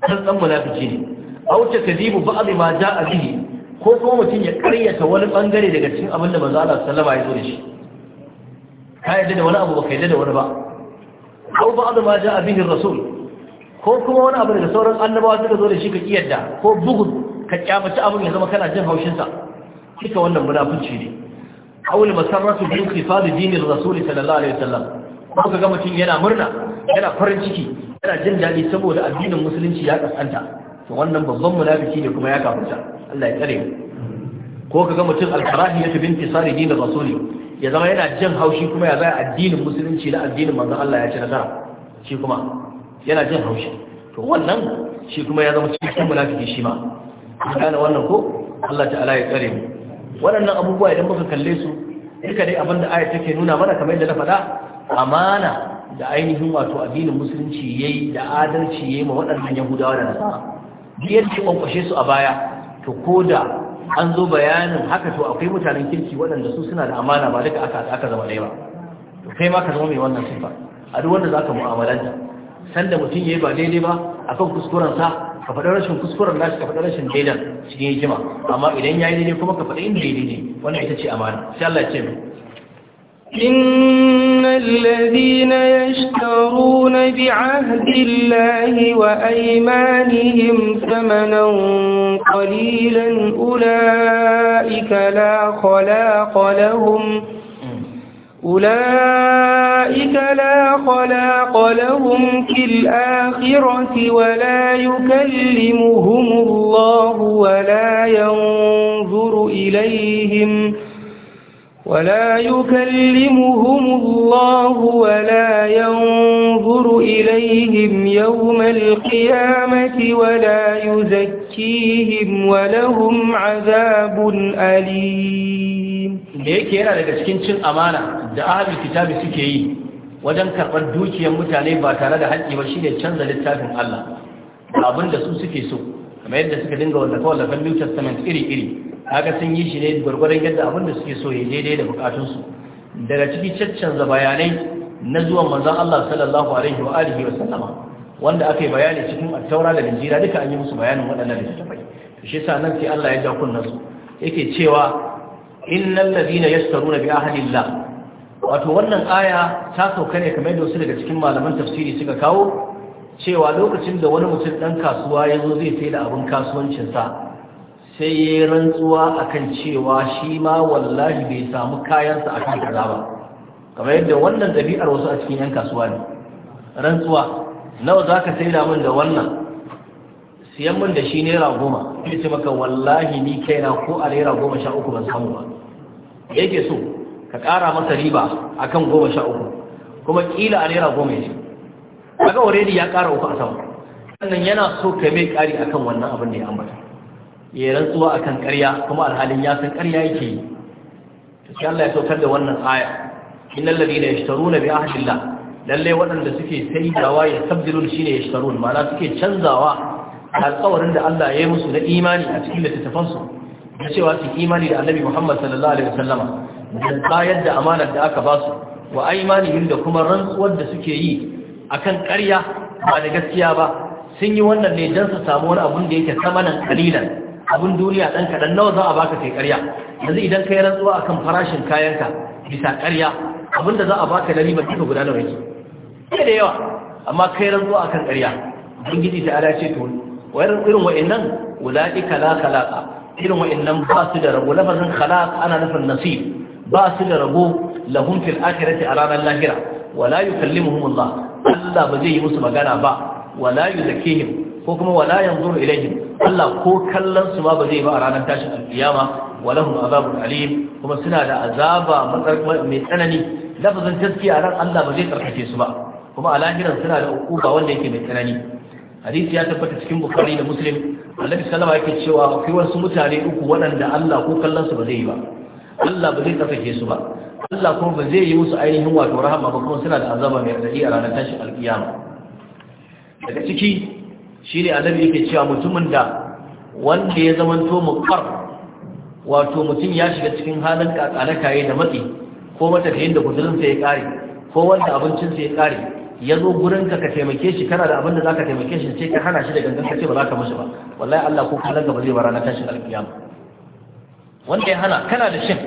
ɗan ɗan munafiki ne a au takazibu ba'd ma a bihi ko kuma mutum ya ƙaryata wani bangare daga cikin abin da manzan Allah sallama ya zo da shi ka yadda da wani abu ba ka yadda da wani ba au ba'd ma ja'a bihi rasul ko kuma wani abu da sauran annabawa suka zo da shi ka kiyarda ko bugun ka kyamaci abin ya zama kana jin haushinsa duka wannan munafunci ne awul masarratu bi inqifad dinir rasul sallallahu alaihi wasallam ko kaga mutum yana murna yana farin ciki yana jin daɗi saboda addinin musulunci ya kasanta to wannan babban munafiki ne kuma ya kafirta Allah ya tsare mu ko kaga mutum al ya bi intisari dinir rasul ya zama yana jin haushi kuma ya zai addinin musulunci da addinin manzon Allah ya ci nasara shi kuma yana jin haushi to wannan shi kuma ya zama cikin munafiki shi ma gane wannan ko Allah ta'ala ya tsare mu waɗannan abubuwa idan muka kalle su duka dai abinda aya take nuna mana kamar yadda na faɗa amana da ainihin wato addinin musulunci yayi da adalci yayi ma waɗannan yahudawa da nasara duk yadda ya kwankwashe su a baya to koda an zo bayanin haka to akwai mutanen kirki waɗanda su suna da amana ba duka aka aka zama ɗaya ba to kai ma ka zama mai wannan sifa a duk wanda zaka mu'amalanta sanda mutum ya yi ba daidai ba akan kuskurensa ka faɗi rashin kuskuren nashi ka faɗi rashin daidan cikin hikima amma idan yayi yi daidai kuma ka faɗi inda daidai ne wannan ita ce amana sai Allah ya ce mu إن الذين يشترون بعهد الله وأيمانهم ثمنا قليلا أولئك لا خلاق لهم أولئك لا خلاق لهم في الآخرة ولا يكلمهم الله ولا ينظر إليهم ولا يكلمهم الله ولا ينظر إليهم يوم القيامة ولا يزكيهم ولهم عذاب أليم da yake yana daga cikin cin amana da ahli kitabi suke yi wajen karɓar dukiyar mutane ba tare da haƙƙi ba shine canza littafin Allah abin da su suke so kamar yadda suka dinga wallafa wallafan New Testament iri-iri haka sun yi shi ne gurgurun yadda abin da suke so ya daidai da bukatunsu daga ciki caccanza bayanai na zuwan manzon Allah sallallahu alaihi wa alihi wa sallama wanda aka yi bayani cikin attaura da Injila duka an yi musu bayanin waɗannan littattafai shi yasa nan sai Allah ya ja kunnan su yake cewa innal ladina yashtaruna bi llah wato wannan aya ta sauka ne kamar da wasu daga cikin malaman tafsiri suka kawo cewa lokacin da wani mutum dan kasuwa ya zo zai sai da abin sa sai ya rantsuwa akan cewa shi ma wallahi bai samu a akan kaza ba kamar yadda wannan dabi'ar wasu a cikin yan kasuwa ne rantsuwa nawa zaka sai da min da wannan siyan min da shi naira goma sai ce maka wallahi ni kaina ko a naira goma sha uku ban samu ba yake so ka ƙara masa riba a kan goma sha uku kuma ƙila a naira goma ya ce kaga already ya kara uku a sama sannan yana so ka mai ƙari a kan wannan abin da ya ambata ya yi rantsuwa a kan ƙarya kuma alhalin ya san ƙarya yake yi sai Allah ya saukar da wannan aya innal ladina yashtaruna bi ahdillah Lallai, waɗanda suke dawa ya tabdilun shine yashtarun ma'ana suke canzawa alƙawarin da Allah ya yi musu na imani a cikin littattafansu da cewa su imani da annabi Muhammad sallallahu alaihi wasallama da bayar da amanar da aka ba su wa aimanihim da kuma rantsuwar da suke yi akan ƙarya ba da gaskiya ba sun yi wannan ne don su samu wani abun da yake samanan kalilan abun duniya dan kaɗan nawa za a baka kai ƙarya yanzu idan kai rantsuwa akan farashin kayanka bisa ƙarya abin da za a baka da riba kika guda nawa yake sai da yawa amma kai rantsuwa akan ƙarya ubangiji ta ala ce to wayar irin wa'annan ulaika la kala irin wa'annan ba su da rabo lafazin khalaq ana nufin nasib ba su da rabo lahum fil akhirati a ranar lahira wala yukallimuhum Allah Allah ba zai yi musu magana ba wala yuzakkihim ko kuma wala yanzuru ilaihim Allah ko kallon su ba zai ba a ranar tashin kiyama walahum azabun alim kuma suna da azaba mai tsanani lafazin taskiya ran Allah ba zai karkace su ba kuma a lahiran suna da ukuba wanda yake mai tsanani hadisi ya tabbata cikin bukhari da muslim annabi sallama yake cewa akwai wasu mutane uku waɗanda Allah ko kallon su ba zai yi ba Allah ba zai tsafake su ba Allah kuma ba zai yi musu ainihin wato rahama ba kuma suna da azaba mai radadi a ranar tashin alkiyama daga ciki shine annabi yake cewa mutumin da wanda ya zamanto muqar wato mutum ya shiga cikin halin yayin da matsi ko matafiyin da guzurinsa ya kare ko wanda abincinsa ya kare ya zo gurin ka ka taimake shi kana da abin da zaka taimake shi sai ka hana shi da gangan ka ce ba za ka mashi ba wallahi Allah ko kallon gaba zai bara na tashin alkiyama wanda ya hana kana da shin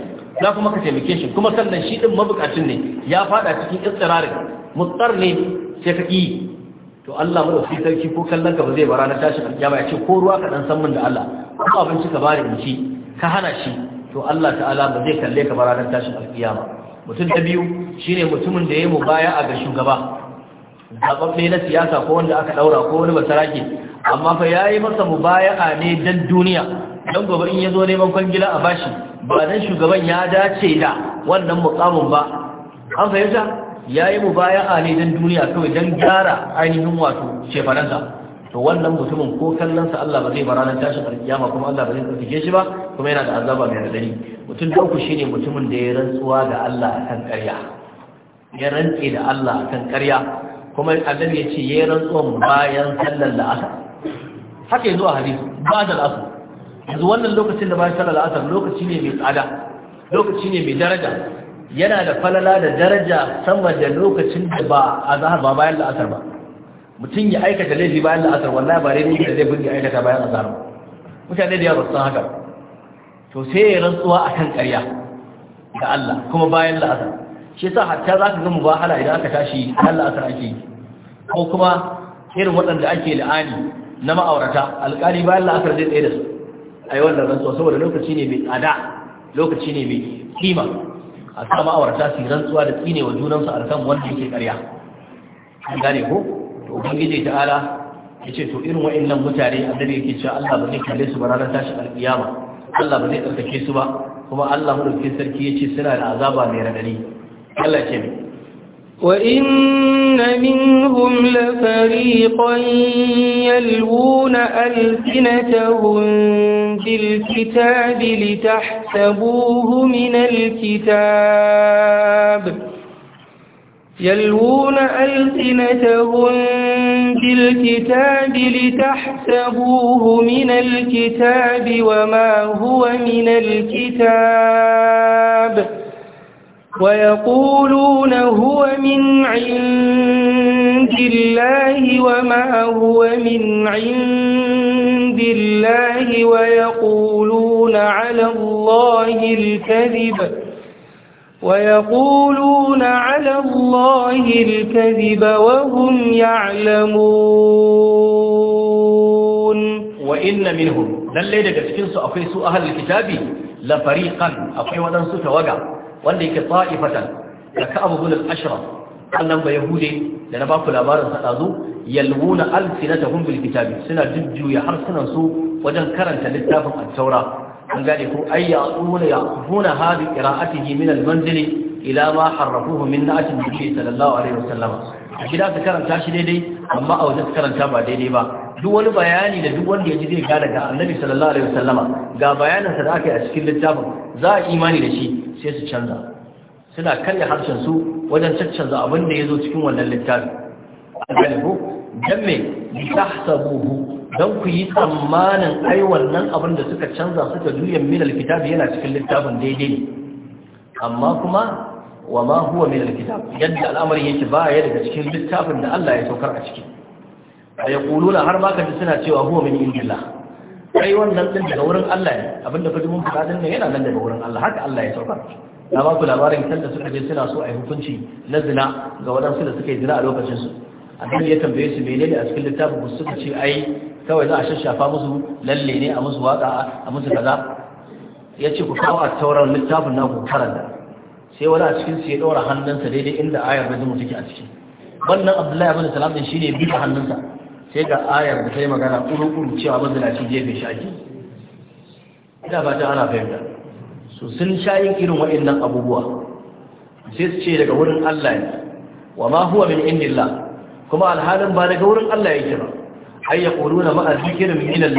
za kuma ka taimake shi kuma sannan shi din mabukacin ne ya fada cikin istirarin mutsar ne sai ka yi to Allah mu fi sarki ko kallon ka ba zai bara na tashin alkiyama ya ce ko ruwa ka dan san min da Allah ko abinci ka bare in ci ka hana shi to Allah ta'ala ba zai kalle ka bara na tashin alkiyama mutum ta biyu shine mutumin da ya yi mubaya ga shugaba zaɓaɓɓe na siyasa ko wanda aka ɗaura ko wani basarake amma fa ya yi masa mu baya'a ne don duniya don gobe in ya zo neman kwangila a bashi ba don shugaban ya dace da wannan mukamin ba an fahimta ya yi mu mubaya'a ne don duniya kawai don gyara ainihin wato shefanansa to wannan mutumin ko kallonsa Allah ba zai bar ranar tashin alkiyama kuma Allah ba zai tsarkake shi ba kuma yana da azaba mai radari mutum da uku shine mutumin da ya rantsuwa da Allah akan ƙarya ya rantse da Allah akan ƙarya kuma annabi ya ce yayin rantsuwan bayan sallar la'asar haka yanzu a hadisi ba da la'asar yanzu wannan lokacin da bayan sallar la'asar lokaci ne mai tsada lokaci ne mai daraja yana da falala da daraja sama da lokacin da ba a zahar ba bayan la'asar ba mutum ya aikata laifi bayan la'asar wallahi ba dai da zai burge aikata bayan azhar ba mutane da yawa san haka to sai ya rantsuwa akan ƙarya ga Allah kuma bayan la'asar shi yasa hatta za ka ga bahala idan aka tashi Allah asar ake ko kuma irin waɗanda ake la'ani na ma'aurata alƙali bayan la'asar zai tsaye da su a yi wannan rantsuwa saboda lokaci ne mai tsada lokaci ne mai kima a sa ma'aurata su yi rantsuwa da tsine wa junansu alkan wanda yake ƙarya an gane ko to ubangiji ta'ala ya ce to irin wa'annan mutane annabi yake cewa Allah ba zai kalle su ba ranar tashin alƙiyama Allah ba zai tsarkake su ba kuma Allah mu ɗauke sarki ya ce suna da azaba mai radadi Allah وَإِنَّ مِنْهُمْ لَفَرِيقًا يَلْوُونَ أَلْسِنَتَهُمْ بِالْكِتَابِ لِتَحْسَبُوهُ مِنَ الْكِتَابِ يلوون ألسنتهم لتحسبوه من الكتاب وما هو من الكتاب ويقولون هو من عند الله وما هو من عند الله ويقولون على الله الكذب ويقولون على الله الكذب وهم يعلمون وإن منهم لن ليدك سكنس أهل الكتاب لفريقا أخي ودنسوا توقع wanda yake ta'ifatan da ka'ab ibn al-ashraf annan ba yahude da na baku labarin sa dazu yalwuna alsinatahum bil kitabi suna jujjuya harsunan su wajen karanta littafin at-taura an gane ko ayyatuna yaqfuna hadi qira'atihi min al-manzili ila ma harrafuhu min na'atin nabi sallallahu alaihi wasallam shi da karanta shi daidai amma a wajen karanta ba daidai ba duk wani bayani da duk wanda ya ji zai gane ga annabi sallallahu alaihi wasallama ga bayaninsa da aka yi a cikin littafin za a imani da shi sai su canza suna karya harshen su wajen caccanza abin da ya zo cikin wannan littafi alƙalifu don me ta don ku yi tsammanin ai wannan abin da suka canza suka juyan min alkitabi yana cikin littafin daidai ne amma kuma wa ma huwa min alkitab yadda al'amari yake ba ya daga cikin littafin da Allah ya saukar a ciki ya kuluna har maka ka ji suna cewa huwa min Indila. kai wannan din daga wurin Allah ne abinda ka ji mun fada din yana nan daga wurin Allah haka Allah ya saukar na ba ku labarin kan da suka je suna so a yi hukunci na zina ga waɗansu da suka yi zina a lokacin su annabi ya tambaye su menene a cikin littafin ku suka ce ai kawai za a shashafa musu lalle ne a musu waka a musu kaza ya ce ku kawo a tauran littafin na ku karanta sai wani a cikin su ya ɗora hannunsa daidai inda ayar da zumu take a ciki wannan abdullahi abin salam din shine bi hannunsa sai ga ayar da ta yi magana ƙuruƙuru cewa mazalaci gefe shaki ina fata ana fahimta su sun shayin irin waɗannan abubuwa sai su ce daga wurin Allah ne wa ma huwa min indillah kuma alhalin ba daga wurin Allah yake ba ai ya quluna ma azkiru min ilal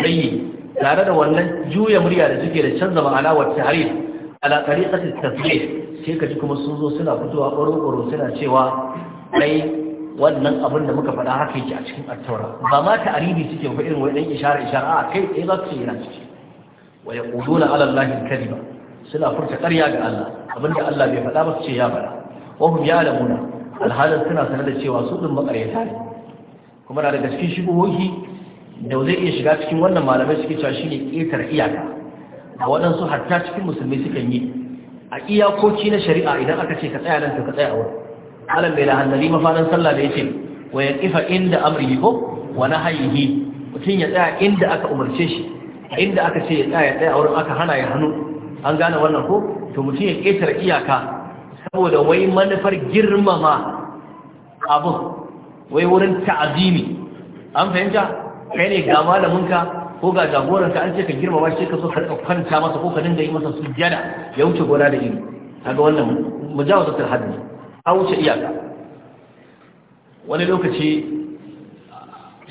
tare da wannan juya murya da suke da canza ma'ana wa tahrif ala tariqati tasbih sai kaji kuma sun zo suna fitowa ƙoro-ƙoro suna cewa ai wannan abin da muka faɗa haka yake a cikin attaura ba ma ta'aribi suke ba irin wani ishara ishara a kai tsaye za su yana ciki wa ya ƙuduna ala Allahin ba? suna furta ƙarya ga Allah abinda Allah bai faɗa ba su ce ya faɗa wahum ya alamuna alhalin suna sanar da cewa su ɗin maƙaryata ne kuma na daga cikin shigohi da zai iya shiga cikin wannan malamai suke cewa ne ƙetar iyaka A waɗansu hatta cikin musulmi sukan yi a iyakoki na shari'a idan aka ce ka tsaya nan to ka tsaya a wurin alal bai lahandari mafanin sallah da ya ce wa ya kifa inda amri ko wa na hayihi mutum ya tsaya inda aka umarce shi inda aka ce ya tsaya ya tsaya wurin aka hana ya hannu an gane wannan ko to mutum ya ƙetare iyaka saboda wai manufar girmama abin wai wurin ta'azimi an fahimta kai ne ga malaminka ko ga ka an ce ka girmama shi ka so ka kwanta masa ko ka dinga yi masa sujjada ya wuce gona da iri kaga wannan mujawazatul haddi an wuce iyaka wani lokaci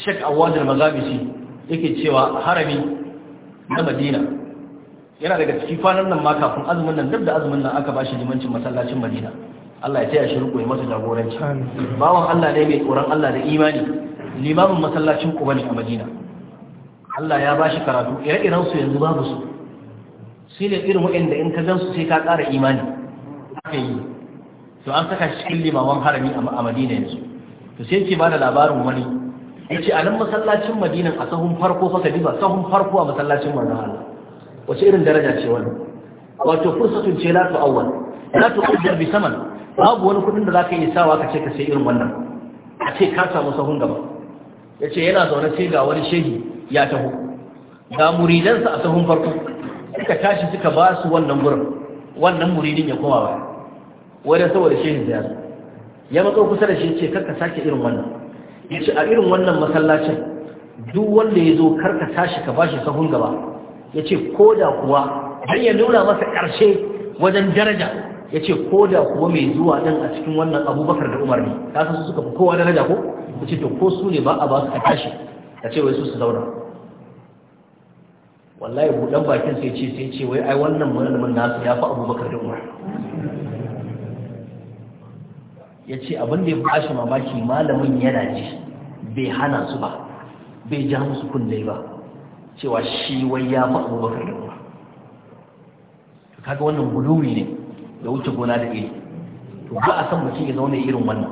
shek awadar mazabisi yake cewa harami na madina yana daga cikin kwanan nan ma kafin azumin nan duk da azumin nan aka bashi limancin masallacin madina Allah ya taya shi riko ya masa jagoranci bawan Allah ne mai tsoron Allah da imani limamin masallacin kuma ne a Madina Allah ya bashi karatu ire-iren su yanzu babu su sai ne irin waɗanda in ka gansu sai ka ƙara imani haka yi to an saka shi cikin limaman harami a madina yanzu to sai yake bada labarin wani yace a nan masallacin madina a sahun farko fa kadiba sahun farko a masallacin manzon Allah wace irin daraja ce wannan wato fursatun ce la tu'awwal la tuqaddar bi saman babu wani kudin da zaka yi sawa ka ce ka sai irin wannan a ce ka samu sahun gaba yace yana zaune sai ga wani shehi ya taho ga muridansa a sahun farko suka tashi suka ba su wannan gurin wannan muridin ya koma baya wani saboda shi ne yazo ya matso kusa da shi ce karka sake irin wannan ya ce a irin wannan masallacin duk wanda ya zo karka tashi ka bashi sahun gaba ya ce ko da kuwa har ya nuna masa ƙarshe wajen daraja ya ce ko da kuwa mai zuwa ɗin a cikin wannan abubakar da umar ne ta san su suka fi kowa daraja ko ya ce to ko su ne ba a ba su a tashi Ka ce wai su su zauna wallahi buɗan bakin sai ce sai ce wai ai wannan malamin nasu ya fi abubakar da umar ya ce abin da ya bashi mamaki malamin yana ji bai hana su ba bai ja musu kunne ba cewa shi wai ya fi abubakar da umar kaga wannan guluwi ne da wuce gona da iri to ba a san mutum ya zaune irin wannan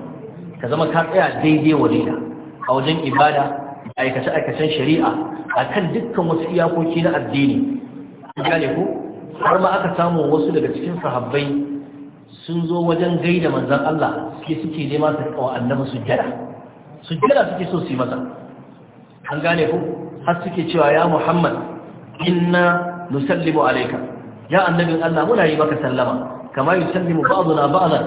ka zama ka tsaya daidai wa daida a wajen ibada aikace aikacen shari'a akan dukkan wasu iyakoki na addini gane ko har ma aka samu wasu daga cikin sahabbai sun zo wajen gaida manzan Allah ke suke nema su kawo annabi sujjada sujjada suke so su yi masa an gane ku har suke cewa ya Muhammad inna nusallimu alayka ya annabin Allah muna yi maka sallama kama yusallimu ba'duna ba'dan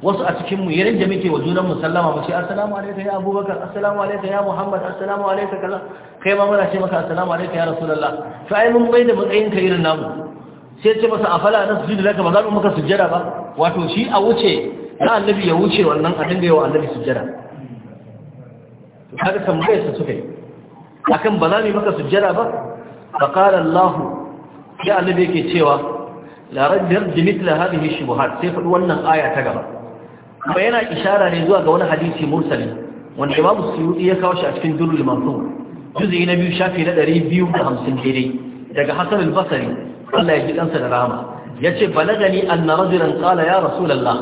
wasu a cikin mu yayin da muke wa junan mu sallama mu ce assalamu alayka ya Abubakar assalamu alayka ya Muhammad assalamu alayka kaza kai ma muna ce maka assalamu alayka ya Rasulullah fa ai mun bai da matsayin ka irin namu sai ce masa afala na sujudu laka ba za mu maka sujjada ba wato shi a wuce na annabi ya wuce wannan a dinga yawa annabi sujjada kaga tambayar sa suka yi akan ba za mu maka sujjada ba fa qala Allah ya annabi yake cewa la raddar bi mithla hadhihi shubuhat sai faɗi wannan aya ta gaba kuma yana ishara ne zuwa ga wani hadisi mursali wanda Imam Suyuti ya kawo shi a cikin Durrul Mansur juz'i na biyu shafi na 250 daidai daga Hasan al-Basri Allah ya ji ɗansa da ya ce balagani anna rajulan qala ya rasulallah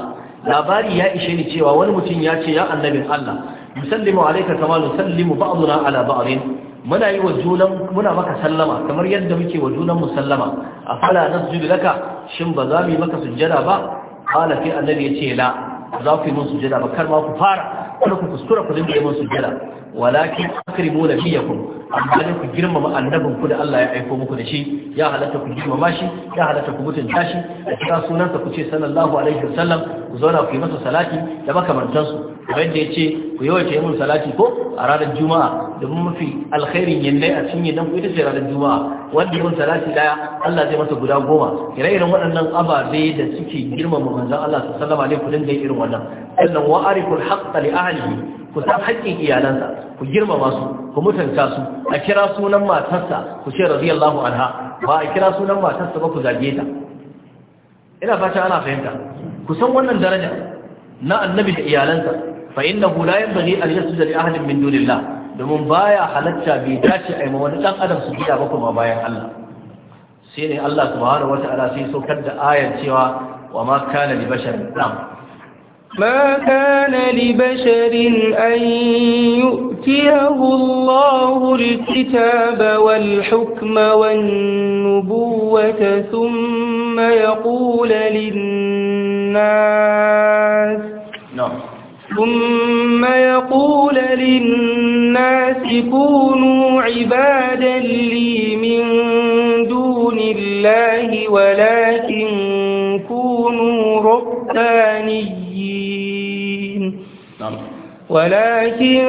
labari ya ishe ni cewa wani mutum ya ce ya annabin Allah musallimu alayka kama nusallimu ba'duna ala ba'din muna yi wa junan muna maka sallama kamar yadda muke wa junan mu sallama na nasjudu laka shin ba za mu yi maka sujjada ba qala fi annabi ce la za ku yi mun sujjada ba kar ma ku fara kada ku kuskura ku dinga mun sujjada walakin akrimu nabiyakum amma ne ku girmama annabin ku da Allah ya aiko muku da shi ya halatta ku girmama shi ya halatta ku mutunta shi da kira sunansa ku ce sallallahu alaihi wasallam ku zauna ku yi masa salati da makamantan su kamar da yace ku yawaita yin salati ko a ranar juma'a domin mafi alkhairin yalle a cinye yadan ku ita ce ranar juma'a wanda yin salati daya Allah zai masa guda goma ire-iren waɗannan ababe da suke girmama manzon Allah sallallahu alaihi wasallam ne ku dinga irin wannan sannan wa ariful haqqa li ahlihi ku san haƙƙin iyalansa ku girmama su ku mutunta su a kira sunan matarsa ku ce radiyallahu anha ba a kira sunan matarsa ba ku zage ta ina fata ana fahimta ku san wannan daraja na annabi da iyalansa fa innahu la yanbaghi an yasjuda li ahadin min dunillah domin baya halatta bai dace a yi wani dan adam su gida ba kuma bayan Allah sai ne Allah subhanahu wata'ala sai saukar da ayar cewa wa ma kana li basharin dam ما كان لبشر أن يؤتيه الله الكتاب والحكم والنبوة ثم يقول للناس نعم. ثم يقول للناس كونوا عبادا لي من دون الله ولكن كونوا ربانيين ولكن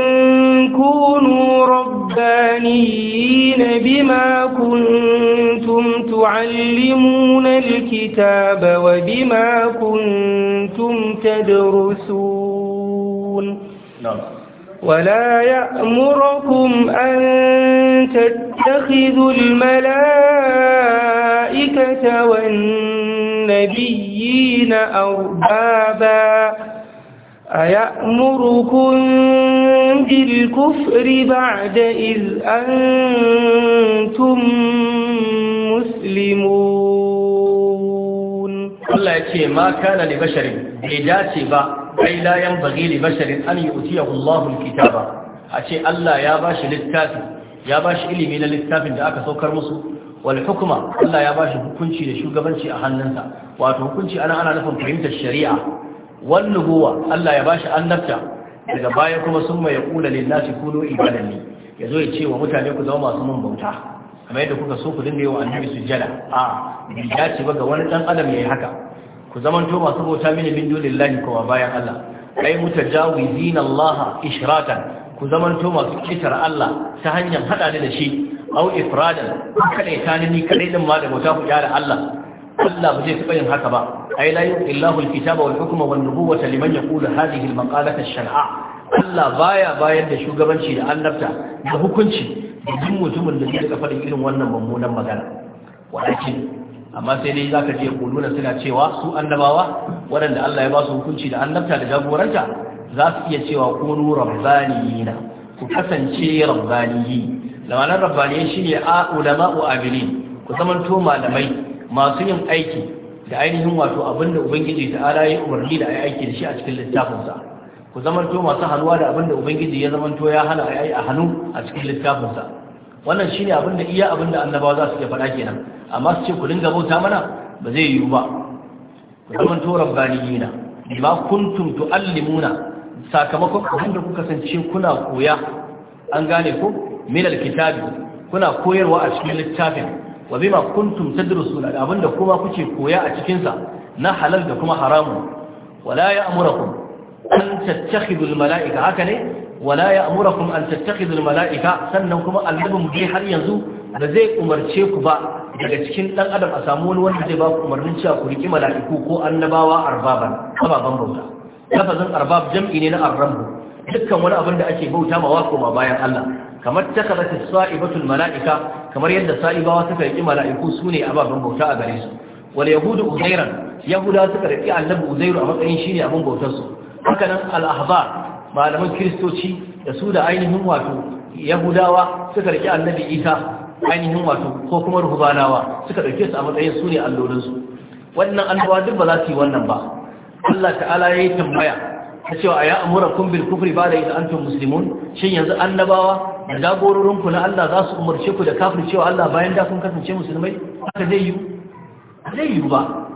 كونوا ربانيين بما كنتم تعلمون الكتاب وبما كنتم تدرسون نعم. ولا يأمركم أن تتخذوا الملائكة والنبيين أربابا أيأمركم بالكفر بعد إذ أنتم مسلمون الله يتي ما كان لبشر بجاتي با أي لا ينبغي لبشر أن يؤتيه الله الكتاب أتي الله يا باش للتافي يا باش إلي من للتافي دعاك سوكر مصر والحكمة الله يا باش هكونشي لشو قبنشي أهننسا وأتو هكونشي أنا أنا نفهم فهمت الشريعة Wannu nubuwa Allah ya bashi annabta daga baya kuma sun mai kula lillahi kunu ibadan Ya yazo ya ce wa mutane ku zama masu mun bauta kamar yadda kuka so ku dinga yawa annabi sujjada a ya ce ba ga wani dan adam yayi haka ku zamanto masu bauta mini bin dunillahi kuma bayan Allah kai mutajawizina Allah ishratan ku zamanto masu kitar Allah ta hanyar haɗa ni da shi au ifradan kada ya tani ni kadai din ma da bauta ku gyara Allah Allah ba zai taɓa yin haka ba ai la yuqillahu alkitaba wal hukma wan nubuwata liman yaqulu hadhihi almaqalat ash-shar'a Allah baya bayar da shugabanci da annabta da hukunci da duk mutumin da zai kafa irin wannan mummunan magana walakin amma sai dai zaka je kuluna suna cewa su annabawa waɗanda Allah ya ba su hukunci da annabta da jagoranta za su iya cewa kunu rabbaniyina ku kasance rabbaniyi lamalan rabbaniyi shine a ulama'u abilin ku zamanto malamai masu yin aiki da ainihin wato abinda ubangiji ta ala ya umarni da ayi aiki da shi a cikin littafinsa ku zamanto masu hannuwa da abinda ubangiji ya zamanto ya hana ayi a hannu a cikin littafinsa wannan shine abinda iya abinda annabawa za su ke faɗa kenan amma su ce ku dinga bauta mana ba zai yiwu ba ku zamanto rabbaniyina bima kuntum tuallimuna sakamakon abinda kuka kasance kuna koya an gane ko min alkitabi kuna koyarwa a cikin littafin wa bima kuntum tadrusuna da abinda kuma kuke koya a cikin sa na halal da kuma haramun? wala ya'murukum an tattakhidul mala'ika haka ne wala ya'murukum an tattakhidul mala'ika sannan kuma annabin bai har yanzu da zai umarce ku ba daga cikin dan adam a samu wani wanda zai ba ku umarnin cewa ku riki mala'iku ko annabawa arbaban ababan bauta lafazin arbab jam'i ne na arrabu dukkan wani abin da ake bauta ma wa koma bayan Allah kamar takabatis sa'ibatul mala'ika kamar yadda sa'ibawa suka yi mala'iku su ne ababen bauta a gare su wal yahudu uzairan yahuda suka rike annabi uzairu a matsayin shine abin bautar su haka nan al ahba malaman kristoci da su da ainihin wato yahudawa suka rike annabi isa ainihin wato ko kuma ruhubanawa suka ɗauke su a matsayin su ne allolinsu wannan annabawa duk ba za su yi wannan ba Allah ta'ala ya yi tambaya ta cewa a ya amura kun bil kufri ba da ita antum muslimun shin yanzu annabawa da jagororinku na Allah za su umarce ku da kafin cewa Allah bayan da kun kasance musulmai haka zai yi zai yi ba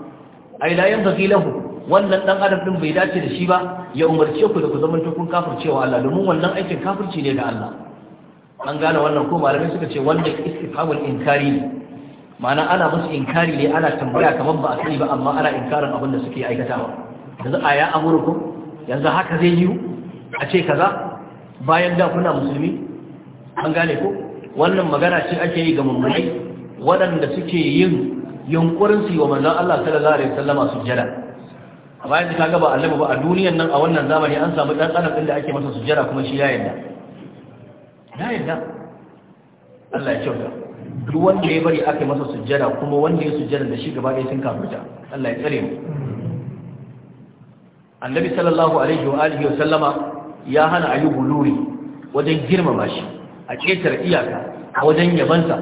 A ilayen yan wannan dan adam ɗin bai dace da shi ba ya umarce ku da ku zaman tukun kafin cewa Allah domin wannan aikin kafirci ne ga Allah an gane wannan ko malamai suka ce wanda istifhamul inkari ne ma'ana ana musu inkari ne ana tambaya kamar ba a sani ba amma ana inkarin abin da suke aikatawa yanzu ya amurku yanzu haka zai yiwu? a ce kaza bayan da kuna musulmi an gane ko wannan magana ce ake yi ga mummunai waɗanda suke yin yunkurin su yi wa manzan Allah sallallahu alaihi wasallama sujjada a bayan ka ga ba Allah ba a duniyan nan a wannan zamani an samu dan adam inda ake masa sujjada kuma shi ya yadda. ya yarda Allah ya kyauta duk wanda ya bari aka masa sujjada kuma wanda ya sujjada da shi gaba ɗaya sun kafirta Allah ya tsare mu annabi sallallahu alaihi wa alihi wa sallama ya hana ayyubu luri wajen girmama shi a ƙetar iyaka a wajen yabanta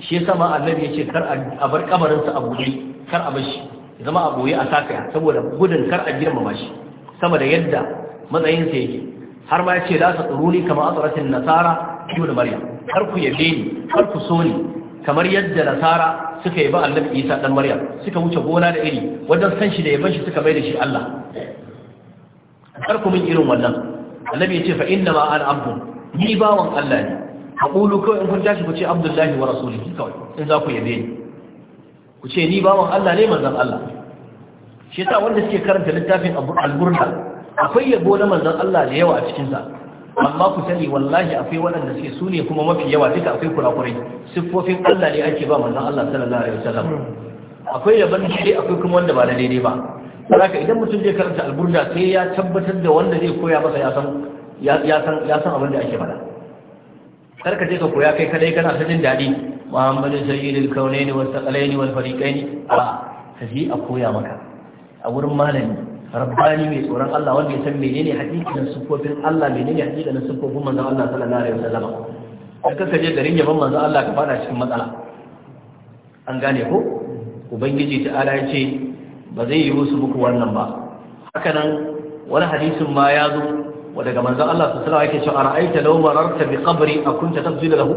shi yasa ma Allah ya ce kar a bar kabarinsa a buɗe kar a bar shi zama a boye a sakaya saboda gudun kar a girmama shi sama da yadda matsayinsa yake har ma ya ce la ta tsuruni kama asaratin nasara da maryam kar ku yabe ni kar ku so ni kamar yadda nasara suka ba annabi isa dan maryam suka wuce gona da iri wajen san shi da yaban shi suka bai da shi allah kar ku min irin wannan Allah ya ce fa inna ma an abdun ni bawon allah ne haƙulu kawai in kun tashi ku ce abdullahi wa rasulihi kawai in za ku yabe ni ku ce ni bawan Allah ne manzan Allah shi yasa wanda suke karanta littafin al-burda akwai yabo na manzan Allah da yawa a sa amma ku sani wallahi akwai waɗanda suke su ne kuma mafi yawa duka akwai kurakurai siffofin Allah ne ake ba manzan Allah sallallahu alaihi wasallam akwai yaban daidai akwai kuma wanda ba daidai ba saboda idan mutum zai karanta alburda sai ya tabbatar da wanda zai koya masa ya san ya san ya san abin da ake faɗa kar ka je ka koya kai kadai kana ta jin daɗi muhammadu sayyidul kaunaini wal thaqalaini wal fariqaini a ka ji a koya maka a wurin malami rabbani mai tsoron Allah wanda ya san menene hakikanin sufofin Allah menene hakikanin sufofin manzon Allah sallallahu alaihi wasallam ka kaje garin yaban manzon Allah ka fada cikin matsala an gane ko ubangiji ta ala ya ce ba zai yi musu muku wannan ba hakanan wani hadisin ma ya zo wa daga manzon Allah sallallahu alaihi wasallam yake cewa ra'aita law mararta bi qabri akunta tabdila lahu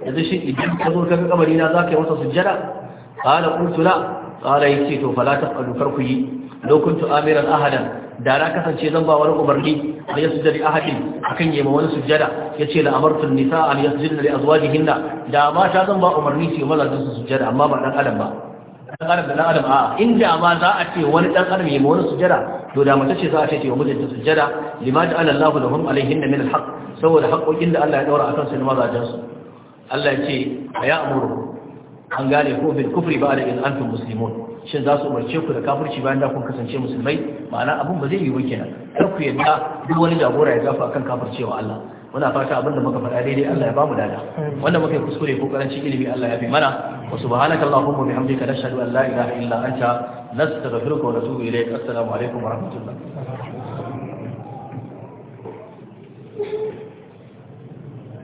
yanzu shi idan ka zo ka ga kabari na zaka yi masa sujjada qala qultu la qala yace to fala taqulu karku yi law kuntu amiran ahadan da na kasance zan ba wani umarni a yasjuda li ahadin akan yema wani sujjada yace la amartu an-nisa an yasjuda li azwajihinna da mata zan ba umarni su yi mazajen su sujjada amma ba dan adam ba dan adam da dan adam a inda ma za a ce wani dan adam yayi wani sujada to da mace ce za a ce wa mijinta sujada lima ja'ala Allahu lahum alaihin min alhaq saboda haƙoƙin da Allah ya daura akan su ne mazajen su Allah ya ce ya amuru an gane ko bil kufri ba da in antum muslimun shin za su umarce ku da kafirci bayan da kun kasance musulmai ma'ana abun ba zai yi ba kenan kar ku yadda duk wani jagora ya gafa akan kafircewa Allah muna fata abinda muka faɗa daidai Allah ya bamu dada wanda muka yi kuskure ko karanci ilimi Allah ya fi mana wa subhanaka allahumma bihamdika nashhadu an la ilaha illa anta nastaghfiruka wa natubu ilayk assalamu alaikum wa rahmatullah